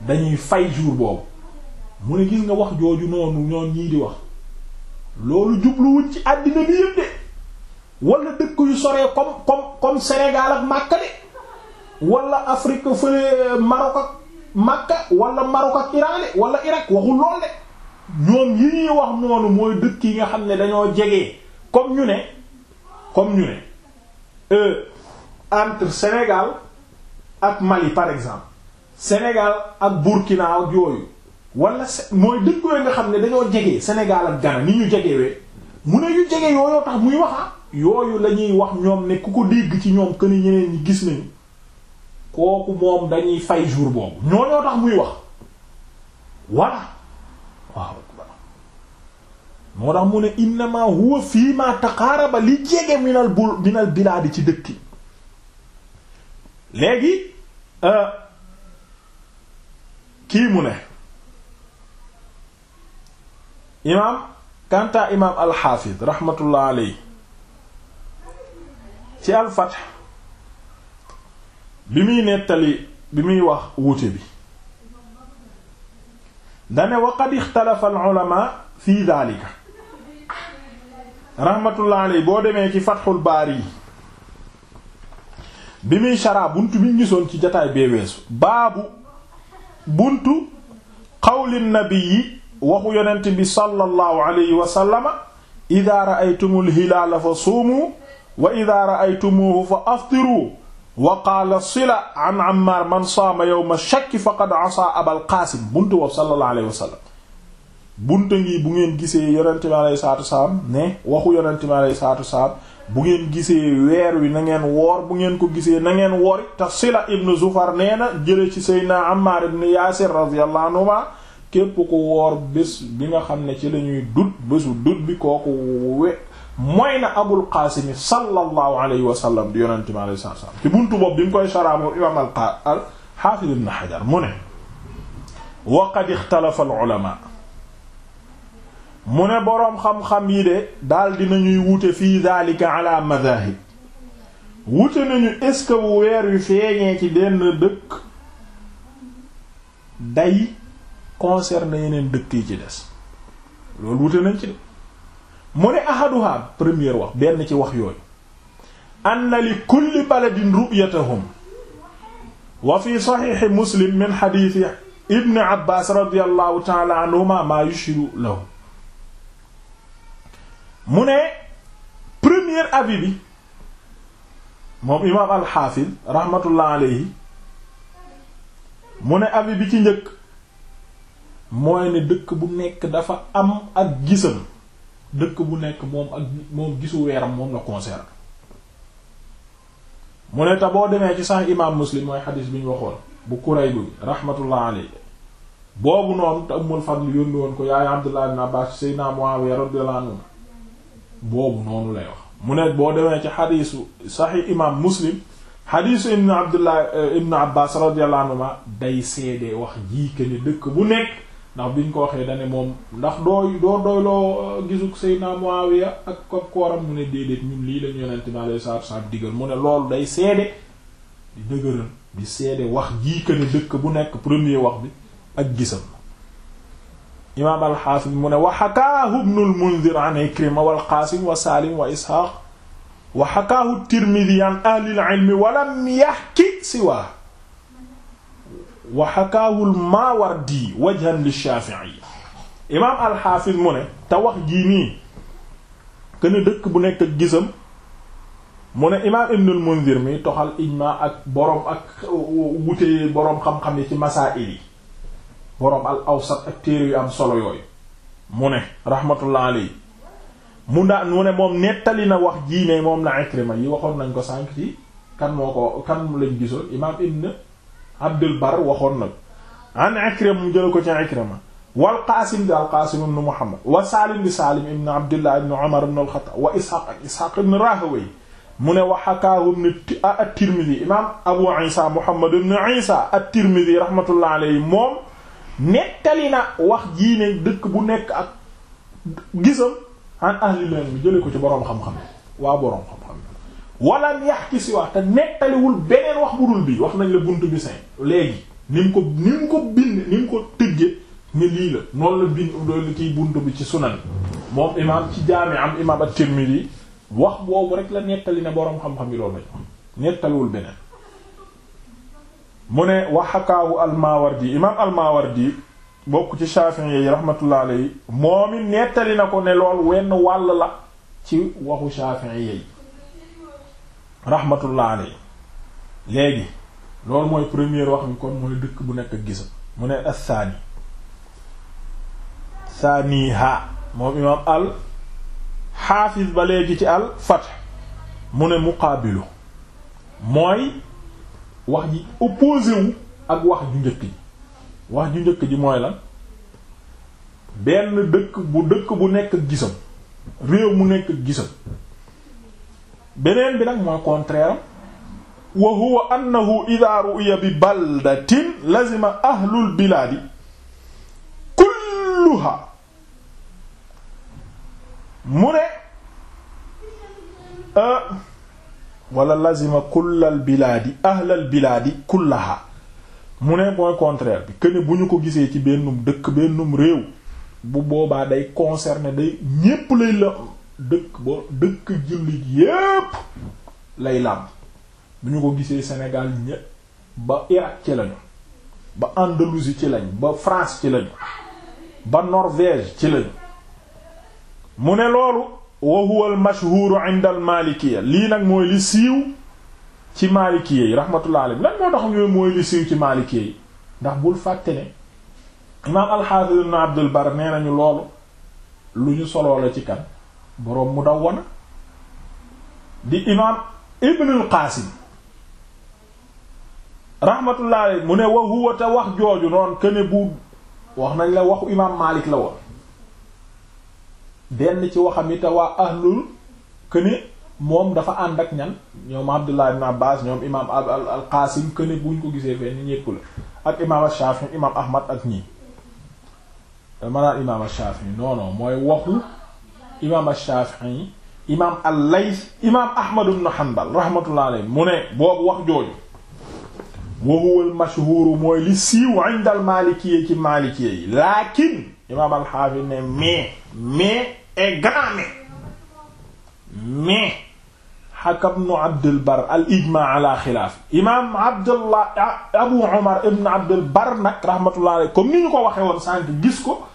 dañuy fay jour boobu mu ne gis nga wax jooju noonu ñoon ñii di wax loolu jubluwuñ ci àddina bi yëpp de wala dëkk yu soree comme comme comme Sénégal ak Makka de wala Afrique fële Maroc ak Makka wala Maroc ak Iran de Irak waxul lool de ñoom yi ñuy wax noonu mooy dëkk yi nga xam ne dañoo jege comme ñu ne comme ñu ne Euh, entre Sénégal ak Mali par exemple Sénégal ak Burkina ak yooyu wala mooy dëkk yooyu nga xam ne dañoo jege Sénégal ak Ghana ni ñu jegewee mu ne yu jege yooyu tax muy waxa ah, yooyu la wax ñoom ne ku ko dégg ci ñoom que ni ñeneen gis nañu kooku moom dañuy fay jour boobu ñoo ñoo tax muy wax voilà waaw moo tax mu ne innama huwa fii ma li jege minal bul minal bilaadi ci dëkk léegi euh, kii mu ne imaam kanta imaam alxaafid rahmatullah aley ci alfath bi muy nettali bi muy wax wuute bi dane wa qad ixtalafa al ulama fi daalika rahmatullah alayhi boo demee ci Fathul Baari yi bi muy sharaa buntu bi ñu gisoon ci jataay bee weesu baabu buntu qawli nabii waxu yonent bi sallallahu alayhi wa sallama ida ra'aytumul hilaala fa suumu wa ida ra'aytumuhu fa aftiru wa qaala sila an ammaar man saama yawma shakki faqad asaa abal qaasim buntu boobu sallallahu alayhi wa sallam bunta ngi bu ngeen gisee yonente bi aleyi salaatu salaam ne waxu yonente bi aleyi salaatu salaam bu ngeen gisee weer wi na ngeen woor bu ngeen ko gisee na ngeen woori te sila ibn zufar nee na jële ci seydna ammar ibn yaasir radiyallahu anhuma képp ku woor bés bi nga xam ne ci la ñuy dut bésu dut bi kooku we mooy na abul qaasimi sallallahu alayhi wa sallam di yonente bi aleyi salaatu ci buntu bopp bi koy sharaamu imaam al xaafid ibn mu ne wa qad ixtalafa al ulama mu ne boroom xam-xam yi de daldi nañuy wute fii daalika ala madahib nañu est-ce que bu weer yu feeñee ci benn dëkk day concerne yeneen dëkk yi ci des loolu wute nañ ci de mu ne ahaduha première wax benn ci wax yooyu anna li kulli baladin ru'yatahum wa fi saxiixi muslim min xadiisi ibni abbas radiallahu taala anhuma yushiru lahu mu ne premier avis bi moom imaam alxaafiz rahmatullah alayhi mu ne avis bi ci njëkk mooy ne dëkk bu nekk dafa am ak gisam dëkk bu nekk moom ak moom gisu weeram moom la concerne mu ne te boo demee ci sax imaam muslim mooy xadiis bi ñu waxoon bu Kurayb bi rahmatullah alayhi boobu noonu te Ummul Fadl yónni woon ko yaay Abdullah ibn Abbas Seydina Muawiya radiyallahu anhu boobu noonu lay wax mu ne boo demee ci xadiisu saxi imam muslim xadiisu ibn abdullah eh, ibn abbas radiyallahu anhuma day seede wax jii jiike ne dëkk bu nekk ndax ñu ko waxee dane moom ndax dooy doo doyloo eh, gisuk Seydina Muawiya ak ko kooram mu ne déedéet ñun lii lañu yonente bi alayhi salaatu wasallam digal mu ne loolu day seede di dëgëral di seede wax jii jiike ne dëkk bu nekk premier wax bi ak gisam imaam alxaafis mu ne wa xakaahu bnul mundir an ikrima wal qaasim wa saalim wa isxaaq wa xakaahu tirmidi an ahlil ilmi walam yaxki siwaa wa xakaahu lmaawardi wajhan lishaafi'i imaam alxaafis mu ne te wax jii nii kenn dëkk bu nekk ak gisam mu ne imaam ibnul mundir mi toxal ijmaa ak boroom ak wute boroom xam-xam yi ci masaa'il yi boroom al awsat ak téere yu am solo yooyu mu ne rahmatullah alayhi mu daan ne moom nettali na wax jii ne moom la Ikrima yi waxoon nañ ko sànq ci kan moo ko kan lañ gisoon imaam ibn Abdul waxoon nag an Ikrima mu jëla ko ci Ikrima wal Qaasim bi al Qaasim ibn Muhammad wa Saalim di Saalim ibn Abdullah ibn Umar ibn al wa Ishaq Ishaq ibn Rahawayh mu ne wa hakaahu at-Tirmidhi imaam Abu Isa Muhammad ibn Isa at-Tirmidhi rahmatullah alayhi moom nettali na wax jii ne dëkk bu nekk ak gisam an ahli ilm bi jële ko ci boroom xam-xam waa boroom xam-xam wala yaxki si wax te nettaliwul beneen wax bu dul bii wax nañ la bunt bi sen léegi ni mu ko ni mu ko bind ni mu ko tëgge ne lii la noonu la bind loolu kiy bunt bi ci sunan moom imaam ci jaami am imaam at-Tirmidhi wax boobu rek la nettali na boroom xam-xam yi loolu nettaliwul beneen mu ne waxakaawu almaawardi imaam almaawardi bokk ci Shafi'i yi rahmatullah alayhi moom it nettali na ko ne lool wenn wàll la ci waxu Shafi'i yi rahmatullah alayhi léegi loolu mooy première wax bi kon mooy dëkk bu nekk gisa mu ne as-saani saaniha moom imaam al xaafis ba léegi ci al fat mu ne muqaabilu mooy wax ji opposé ak wax ju njëkk ji wax ju njëkk ji mooy la benn dëkk bu dëkk bu nekk ak gisam réew mu nekk ak gisam beneen bi nag mooy contraire wa huwa annahu idha ru'iya bi baldatin lazima ahlul bilaadi kulluha mu ne euh, wala lazima kullal bilaadi ahlal bilaadi kullaha mu ne mooy contraire bi këne bu ñu ko gisee ci bennum dëkk bennum réew bu boobaa day concerner day ñépp lay la dëkk bo dëkk jullit yépp lay làmb bu ñu ko gisee Sénégal ñépp ba Irak ci lañu ba Andalousie ci lañ ba France ci lañu ba Norvège ci lañu mu ne loolu wa huwa al mashhur inda lii nag mooy li siiw ci malikiya yi rahmatullah alayhi lan moo tax mooy li siiw ci malikiya yi ndax bul fàtte ne imaam al-Hafiz ibn Bar nee nañu loolu lu ñu soloo la ci kan boroom Mudawwana di imaam Ibn al-Qasim mu ne wa huwa te wax jooju noonu que ne bu wax nañ la waxu imaam Malik la woon. benn ci waxam yi te waa ahlul këne moom dafa ànd ak ñan ñoom Abdullah ibn Abbas ñoom imaam al al Qaasim këne buñ ko gisee fee ni ñépp la ak imaam Shafi imaam imaam al-Layth imaam Ahmad ibn Hanbal rahmatullah mu ne boobu wax jooju wa huwa mooy li siiw inda al-Maalikiyya ci Maalikiyya yi laakin imaam al-Haafiz ne mais mais. et grand mais mais nu abdul bar al ijma ala xilaaf imaam abdullah abu umar ibn abdul bar nag rahmatullah comme ni ñu ko waxee woon sànq gis ko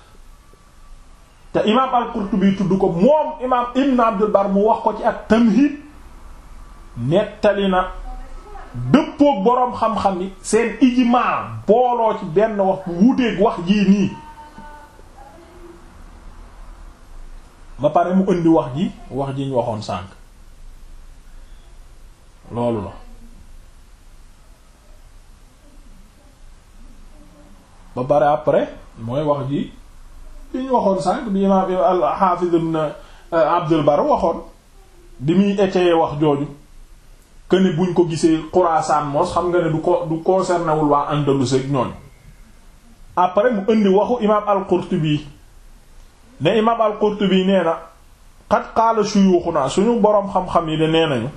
te imaam al-Qurtubi tudd ko moom imaam ibn abdul bar mu wax ko ci ak tamhid nettali na dëppook boroom xam-xam ni seen ijma booloo ci benn wax bu wuuteeg wax jii nii ba pare mu indi wax ji wax jiñ waxoon sànq loolu la ba pare après mooy wax ji bi ñu waxoon sànq bi imaam al-Hafiz euh, Abdul Barr waxoon bi muy étayé wax jooju que buñ ko gisee Xuraasaan moos xam nga ne du ko du concerné wul waa Andalus ak ñooñu après mu indi waxu imaam al-Qurtubi ne imaam al-Qurtubi nee na qad qaala shuyuuxunaa suñu boroom xam-xam yi de nee nañu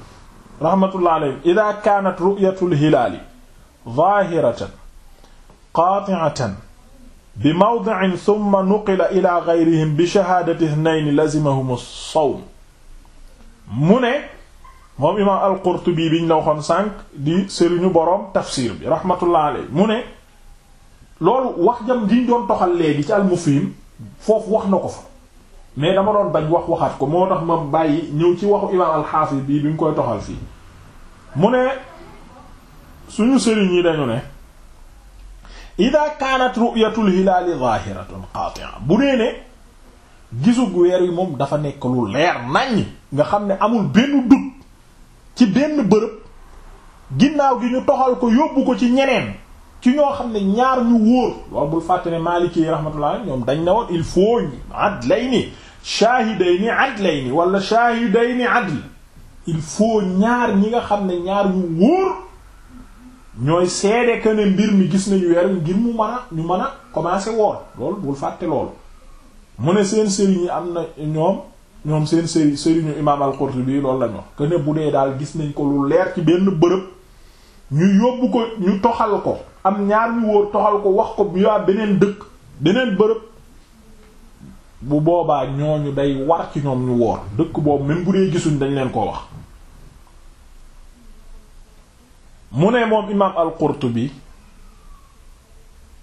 rahmatullah alayhim ida kaanat ru'yatul hilaali zaahiratan qaati'atan bi mawdi'in thumma nuqila ila ghayrihim bi shahaadati ithnayn lazimahum as-sawm mu ne moom imaam al-Qurtubi biñ la waxoon sànq di sëriñu boroom tafsir bi rahmatullah alayhi mu ne loolu wax jam diñ doon toxal léegi ci al-Mufhim foofu wax na ko fa mais dama doon bañ wax waxaat ko moo tax ma bàyyi ñëw ci waxu imaam alxaafis bii bi ñu koy toxal fii mu ne suñu sëriñ yi dañu ne ida kaanat ru'yatul hilaali zahiratun qati'a bu nee ne gisug weer wi moom dafa nekk lu leer nañ nga xam ne amul benn dut ci benn bërëb ginnaaw gi ñu toxal ko yóbbu ko ci ñeneen ci ñoo xam ne ñaar ñu wóor loolu bul fàtte ne Maliki rahmatullah ñoom dañ ne woon il faut adlayni shahidayni adlayni wala shahidayni adl il faut ñaar ñi nga xam ne ñaar ñu wóor ñooy seede que mbir mi gis nañu weer ngir mu man a ñu mën a commencer woor loolu bul fàtte loolu mu ne seen sëriñ yi am na ñoom ñoom seen sëriñ sëriñu imaam al-Qurtubi loolu la ñu bu dee daal gis nañ ko lu leer ci benn bërëb ñu yóbbu ko ñu toxal ko am ñaar ñu wóor toxal ko wax ko bu yaa beneen dëkk beneen bërëb bu boobaa ñooñu day war ci ñoom ñu woor dëkk boobu même bu dee gisuñ dañ leen koo wax mu ne moom imaam al-Qurtubi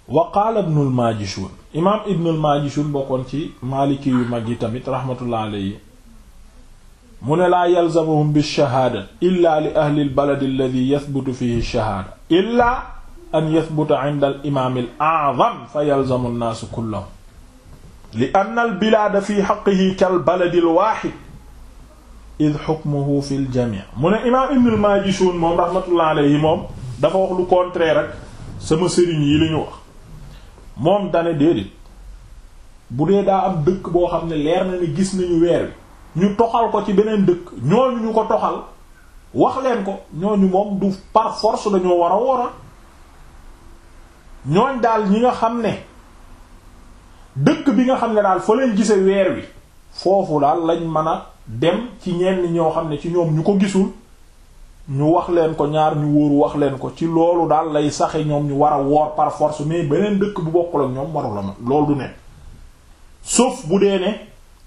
wa qaala ibnu al-Maajishun imaam ibnu al-Maajishun bokkoon ci maaliki yu mag yi tamit rahmatullah alayhi mu ne laa yalzamuhum bi shahaada illa li ahli al-balad alladhi yathbutu fihi ash-shahaada illa an yathbuta inda al imaam al a'zam fa yalzamu an-naas kullahum li anna al bilaada fi haqqihi kal baladi al waahid id hukmuhu fi al jamii' mu ne imaam Ibn al moom rahmatullah moom dafa wax lu contraire rek sama sëriñ yi li ñu wax moom dane déedéet bu dee daa am dëkk boo xam ne leer na ni gis nañu weer wi ñu toxal ko ci beneen dëkk ñoo ñu ko toxal wax leen ko ñooñu moom du par force dañoo war a wora ñooñ daal ñi nga xam ne dëkk bi nga xam ne daal fa lañ gise weer wi foofu daal lañ mën a dem ci ñenn ñoo xam ne ci ñoom ñu ko gisul ñu wax leen ko ñaar ñu wóoru wax leen ko ci loolu daal lay saxe ñoom ñu war a woor par mais beneen dëkk bu bokkul ak ñoom waru ma loolu du ne sauf bu dee ne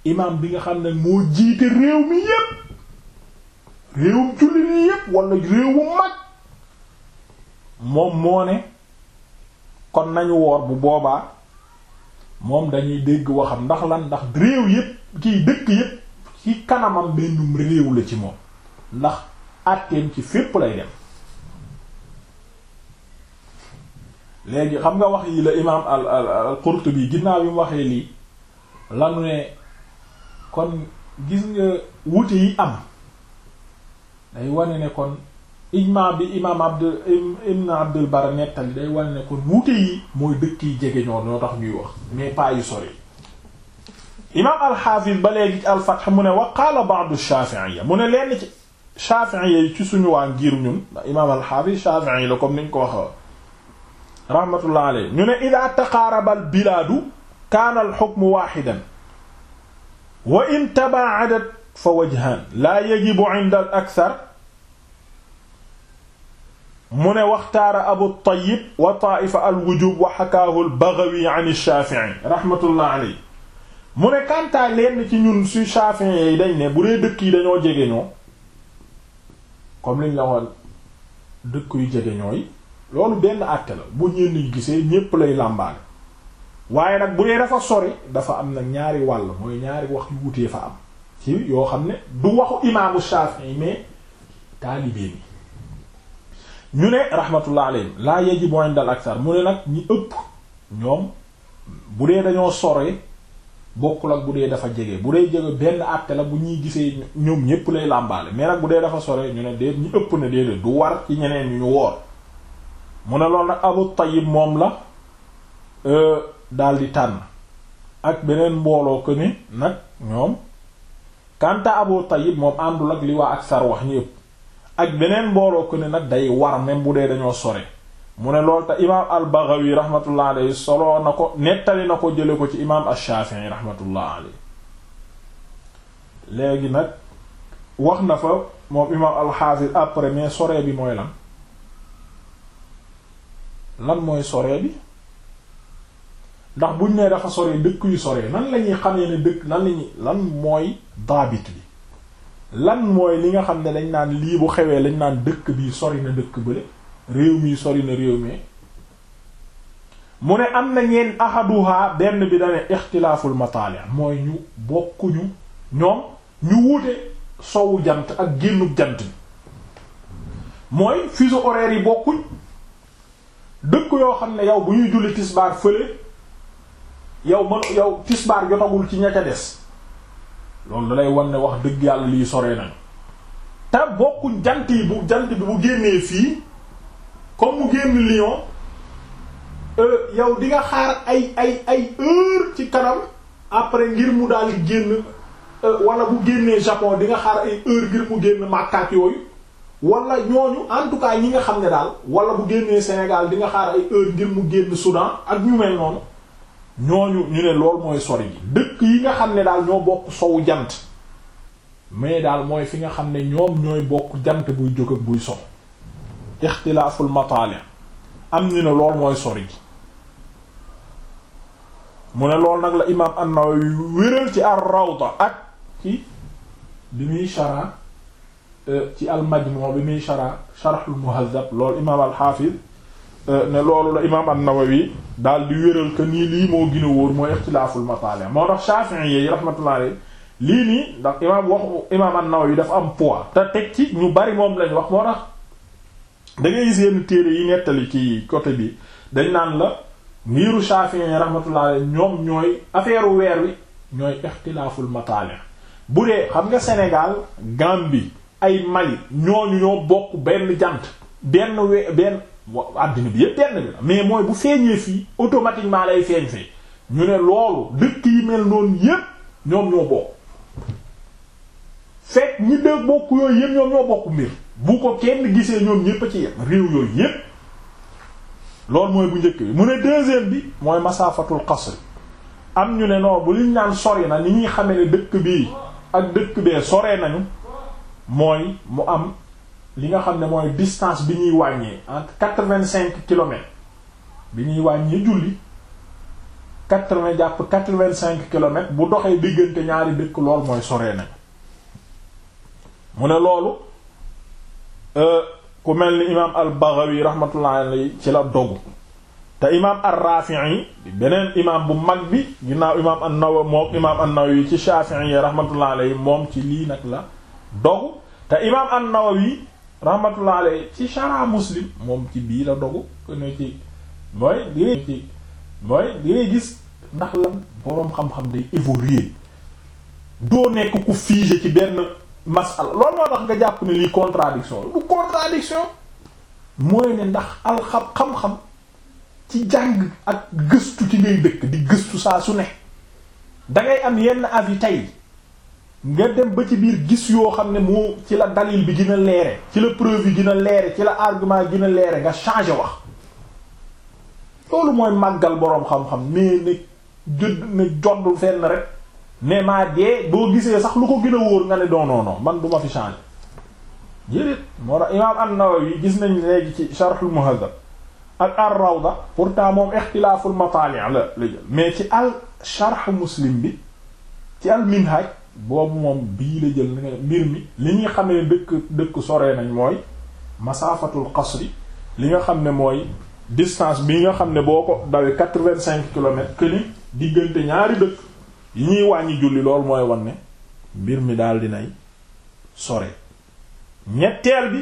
imam bi nga xam ne moo jiite réew mi yépp réewum julli nii yépp wala réewu mag moom moo ne kon nañu woor bu boobaa moom dañuy dégg waxam ndax lan ndax réew yépp kiy dëkk yépp ci kanamam bennum réew la ci moom ndax àtteem ci fépp lay dem léegi xam nga wax yi la imaam al al al Qurtubi ginnaaw bi mu waxee lii lanu ne kon gis nga wute yi am day wane ne kon ijma bi imaam abd ibn abdul bar nettali day wane ne kon wuute yi mooy dëkk yi jege ñoo ñoo tax ñuy wax mais pas yu sori imaam alxaafis ba léegi alfath mu ne wa qaala ba'du shafi'iyya mu ne lenn ci shafi'iyya yi ci suñu waa ngir ñun ndax imaam alxaafis shafi'i la comme niñ ko waxee rahmatullah alayhi ñu ne ida taqaaraba al bilaadu kaana al hukmu waahidan wa in tabaa'adat fa wajhaan laa yajibu 'inda al akthar mu ne waxtaara abu tayyib wa taaifa al wujub wa xakaahu al baghawi an shafii rahmatullah aley mu ne kantaa lenn ci ñun su shafii yi dañ ne bu dee dëkk yi dañoo jege ñoo comme liñ la waxoon dëkk yu jege ñooy loolu benn àtte la bu ñenn ñi gisee ñépp lay làmbaale waaye nag bu dee dafa sori dafa am nag ñaari wàll mooy ñaari wax yu wutee fa am ci yoo xam ne du waxu imaamu shafii mais taalibe mi ñu ne rahmatullah alayhim laa yajibu inda al akthar mu ne nag ñi ëpp ñoom bu dee dañoo sore bokkul ak bu dee dafa jege bu dee jege benn àtte la bu ñuy gisee ñoom ñépp lay làmbaale mais nag bu dee dafa sore ñu ne déet ñu ëpp na déedéet du war ci ñeneen ñu ñu woor mu ne lool nag Abu Tayyib moom la euh, daldi tànn ak beneen mbooloo ko ni nag ñoom kanta Abu Tayyib moom àndul ak li waa aksar wax ñu ëpp ak beneen mbooloo ko ne nag day war même bu dee dañoo sore mu ne lool te imaam al-Baghawi rahmatullah alayhi soloo na ko nettali na ko jële ko ci imaam ash-Shafi'i rahmatullah alayhi léegi nag wax na fa moom imaam al-Hafiz après mais sore bi mooy lan lan mooy sore bi ndax buñ ne dafa sore dëkk yu sore nan lañuy xamee ne dëkk nan lañuy lan mooy daabit bi lan mooy li nga xam ne dañ naan lii bu xewee lañ naan dëkk bi sori na dëkk bële réew mii sori na réew mi mu ne am na ñeen ahaduha benn bi dane ixtilaaful mataali mooy ñu bokkuñu ñoom ñu wuute sowu jant ak génnu jant bi mooy fuseau horaire yi bokkuñ dëkk yoo xam ne yow bu ñuy julli tisbaar fële yow man yow tisbaar jotagul ci ña ca des loolu da lay wan ne wax dëgg yàlla lii sore nañ te bokku jant yi bu jant bi bu génnee fii comme mu génn Lyon euh, yow di nga xaar ay ay ay heure ci kanam après ngir mu daal di génn euh, wala bu génnee Japon di nga xaar ay heure ngir mu génn màkkaat yooyu wala ñooñu en tout cas ñi nga xam ne daal wala bu génnee Sénégal di nga xaar ay heure ngir mu génn Soudan ak ñu mel noonu ñooñu ñu ne lool mooy sori gi dëkk yi nga xam ne daal ñoo bokk sowu jant mais daal mooy fi nga xam ne ñoom ñooy bokk jant buy jóg ak buy sow ixtilaaful mataali am ñu ne lool mooy sori gi mu ne lool nag la imaam an-Nawawi wéral ci ar-Rawda ak ci bi muy shara euh, ci al-Majmu' bi muy shara sharh al lool imaam al-Hafiz Euh, ne loolu la imaam an-Nawawi daal di wéral que nii lii moo gën a wóor mooy ixtilaaful mataali moo tax Shafi'i yi rahmatullah lii nii ndax imaam waxu imaam an-Nawawi dafa am poids te teg ci ñu bari moom lañ wax moo tax da gis yenn téere yi nettali ci côté bi dañ naan la ngiiru Shafi'i yi rahmatullah alayhi ñoom ñooy affaire weer wi ñooy ixtilaaful mataali bu dee xam nga Sénégal Gambie ay Mali ñooñu ñoo bokk benn jant benn we benn wa addina bi yëpp benn bi la mais mooy bu feeñee fii automatiquement lay feeñ fee ñu ne loolu dëkk yi mel noonu yëpp ñoom ñoo bokk fekk ñi de bokk yooyu yëpp ñoom ñoo bokk mbir bu ko kenn gisee ñoom ñëpp a ci yem réew yooyu yëpp loolu mooy bu njëkk bi mu ne deuxième bi mooy masaafatul qasr am ñu ne non bu liñ naan sori na ni ñuy xamee ne dëkk bii ak dëkk bee soree nañu mooy mu am li nga xam ne mooy distance bi ñuy wàññee entre quatre-vingt-cinq kilomètres bi ñuy wàññee julli quatre-vingts jàpp quatre-vingt-cinq kilomètres bu doxee diggante ñaari dëkk lool mooy soree nañ mu ne loolu euh, ku mel ni imaam al-Baghawi rahmatullahi alayhi ci la dogu te imaam ar-Rafi'i beneen imaam bu mag bi ginnaaw imaam an-Nawawi moom imaam an-Nawawi ci Shafi'i rahmatullahi alayhi moom ci lii nag la dogu te imaam an-Nawawi rahmatullah ci shara muslim moom ci bii la dogu ne ci mooy dingay ci gis ndax lan boroom xam-xam day évoluer doo nekk ku figé ci benn masala loolu moo tax nga jàpp ne lii contradiction bu contradiction mooy ne ndax alxam xam-xam ci jàng ak gëstu ci ngay dëkk di gëstu saa su ne dangay am yenn avis tey nga dem ba ci biir gis yoo xam ne moo ci la dalil bi dina leere ci la preuve yi dina leere ci la argument yi a leere nga changer wax loolu mooy màggal boroom xam-xam mais ne jëdd ne joddul fenn rek mais maa dee boo gisee sax lu ko gën a wóor nga ne non man du ma fi changer jërét moo tax imaam an-Nawawi gis nañ léegi ci Sharh al-Muhazzab ak ar-Rawda pourtant moom ixtilaaful mataali' la la jël mais ci al Sharh Muslim bi ci al Minhaj boobu moom bii la jël ni nga mbir mi li ñuy xam dëkk dëkk soree nañ mooy masaafatul qasri li nga xam ne mooy distance bi nga xam ne boo ko dawee quatre-vingt-cinq kilomètres que ni diggante ñaari dëkk yi ñuy wàññi julli loolu mooy wan ne mbir mi daal dinay sore ñetteel bi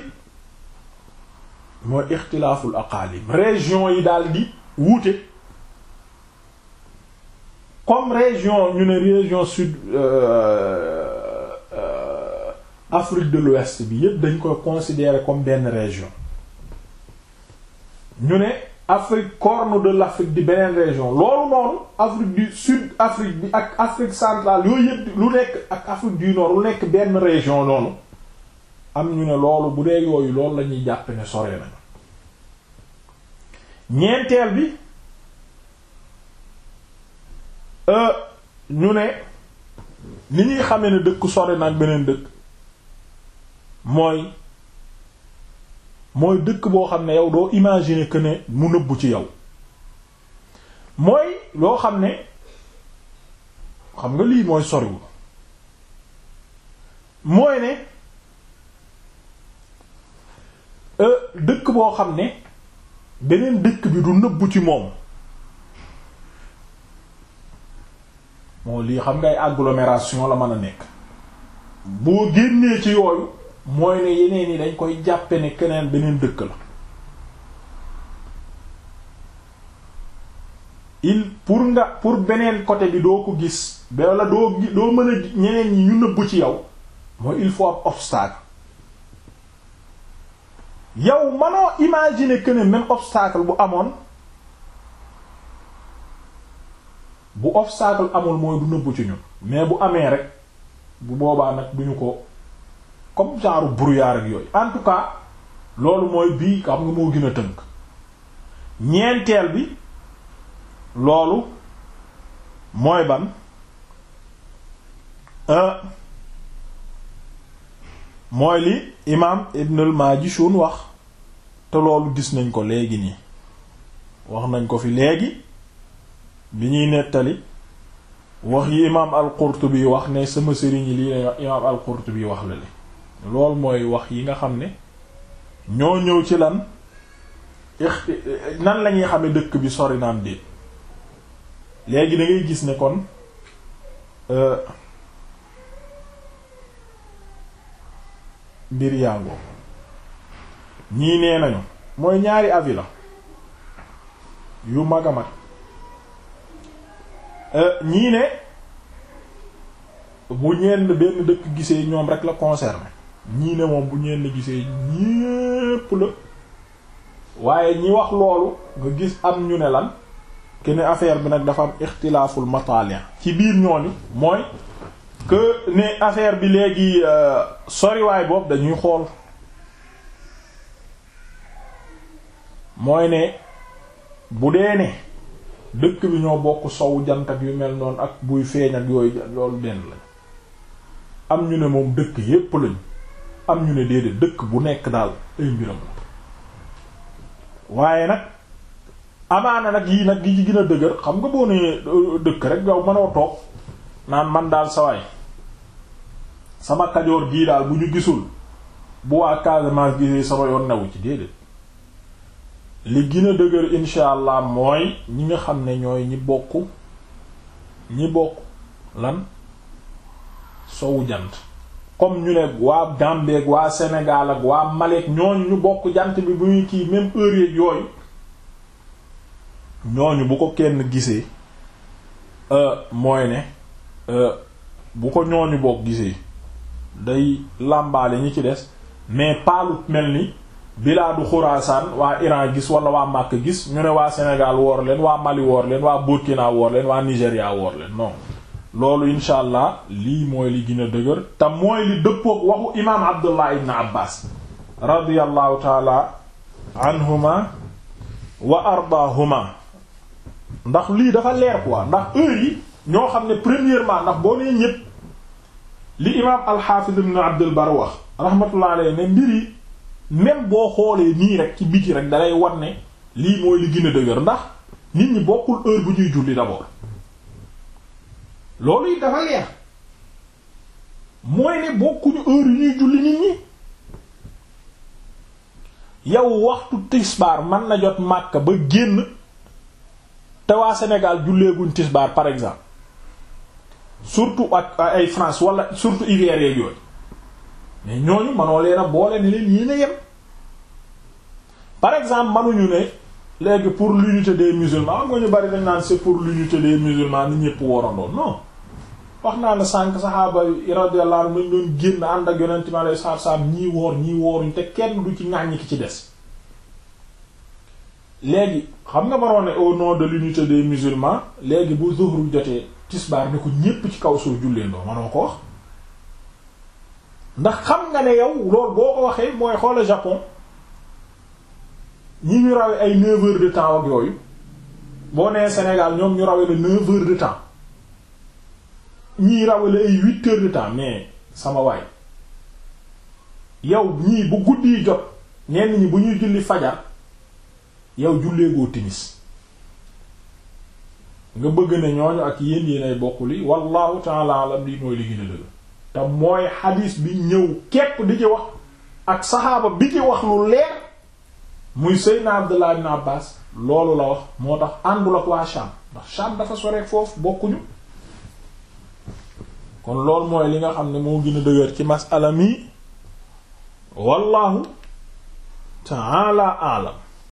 mooy ixtilaaful aqaalim région yi daal gi wuute comme région ñu ne région sud euh, euh, Afrique de l'Ouest bi yépp dañ koy considérer comme benn région ñu ne Afrique corne de l'Afrique di beneen région loolu noonu Afrique du sud Afrique bi ak Afrique centrale yooyu yépp lu nekk ak Afrique du nord lu nekk benn région noonu am ñu ne loolu bu dee yooyu loolu lañuy ñuy jàpp ne sore nañu ñeenteel bi Euh, ñu ne ni ñuy xamee ne dëkk sori nag beneen dëkk mooy mooy dëkk boo xam ne yow doo imaginer que ne mu nëbbu ci yow mooy loo xam ne xam nga lii mooy soriwul mooy ne euh, dëkk boo xam ne beneen dëkk bi du nëbbu ci moom moo lii xam ngay agglomération la mën a nekk boo génnee ci yooyu mooy ne yeneen yi dañ koy jàppe ne keneen beneen dëkk la il pour nga pour beneen côté bi doo ko gis wala doo doo mën a ñeneen ñi ñu nëbbu ci yow mooy il faut ab obstacle yow manoo imaginer que ne même obstacle bu amoon bu obstacle amul mooy du nëbbu ci ñun mais bu amee rek bu boobaa nag duñu ko comme genre brouillard ak yooyu en tout cas loolu mooy bii xam nga moo gën a tënk ñeenteel bi loolu mooy ban euh, mooy li imaam ibnul Majishun wax te loolu gis nañ ko léegi nii wax nañ ko fi léegi bi ñuy nettali wax yi imaam al-Qurtubi wax ne sama sëriñ yi lii la imaam al-Qurtubi wax la li lool mooy wax yi nga xam ne ñoo ñëw ci lan nan lañuy xame dëkk bi sori naam déet léegi da gis ne kon euh, mbir yàngoo ñii nee nañu mooy ñaari avis la yu mag a mag Euh, ñii ne bu ñenn benn dëkk gisee ñoom rek la concerné ñii ne moom bu ñenn gisee ñépp la waaye ñi wax loolu nga gis am ñu ne lan ke ne bi nag dafa am ixtilaaful matalien ci biir ñooñu mooy que ne affaire bi léegi euh, soriwaay boobu dañuy xool mooy ne bu dee ne dëkk bi ñoo bokk sow jant ak yu mel noonu ak buy feeñ ak yooyu loolu benn lañ am ñu ne moom dëkk yépp lañ am ñu ne déedéet dëkk bu nekk daal ay mbiram waaye nag amaana nag yii nag gi ci gën a dëgër xam nga boo nee euh, dëkk rek yow mënoo toog naan man daal sawaay sama kajoor gii daal bu ñu gisul bu waa Casamance gisee sama yoon newu ci déedéet li gën a dëgër incha allah mooy ñi nga xam ne ñooy ñi bokk ñi bokk lan sowu jant comme ñu ne waa Gambie waa Sénégal ak waa Mali ak ñooñu ñu bokk jant bi bu ñuy kii même heure yeeg yooyu ñooñu bu ko kenn gisee euh, mooy ne euh, bu ko ñooñu bokk gisee day làmbaale ñi ci des mais pas mel ni. bilaadu xuraasaan waa Iran gis wala waa Màkk gis ñu ne waa Sénégal woor leen waa Mali woor leen waa Burkina woor leen waa Nigéria woor leen loolu insha lii mooy li gën a dëgër te mooy li dëppook waxu imaam Abdullah ibn Abbas radiyallahu taala anhuma wa ardaahuma ndax lii dafa leer quoi ndax heure yi ñoo xam ne premièrement ndax boo nee ñépp li imaam al-Hafiz Abdul Bar wax rahmatullah alayhi même boo xoolee nii rek ci biti rek dalay wan ne lii mooy li gën a dëgër ndax nit ñi bokkul heure bu ñuy julli d'abord loolu it dafa leer mooy ne bokkuñu heure yu ñuy julli nit ñi yow waxtu tisbaar man na jot Makka ba génn te waa Sénégal julleeguñ tisbaar par exemple surtout ak ay France wala surtout hiver yooyu mais ñooñu manoo leen a boole ni leen yéen a yem par exemple manuñu ne léegi pour l'unité des musulmans am nga ñu bari dañ c'est pour l'unité des musulmans ni ñëpp warandoo non wax naa ne sànq saxaaba yi radiyallahu anhum dañ doon génn ànd ak yonent mi alayhi salaatu salaam ñii woor ñii wooruñ te kenn du ci ñi ki ci des léegi xam nga manoon ne au nom de l'unité des musulmans léegi bu zuhru jotee tisbaar ne ko ñépp ci kaw suuf julleen doo manoo ko wax ndax xam nga ne yow loolu boo ko waxee mooy xoola Japon ñi ñu rawe ay neuf de temps ak yooyu boo nee senegal ñoom ñu rawe la neuf heures de temps ñii rawe la ay huit heures de temps mais sama waay yow ñii bu guddi jot ñenn ñi bu ñuy julli fajar yow julleegoo timis nga bëgg ne ñooñu ak yéen bokkul yi wallahu ta'ala alam lii mooy li gën a te mooy xadiis bi ñëw képp di ci wax ak saxaaba bi ci wax lu leer muy Seydina Abdullah ibn Abbas loolu la wax moo tax àndul ak waa Sham ndax Sham dafa soreek foofu bokkuñu kon loolu mooy li nga xam ne moo gën a dëgër ci masala mi wallahu ta'ala a'lam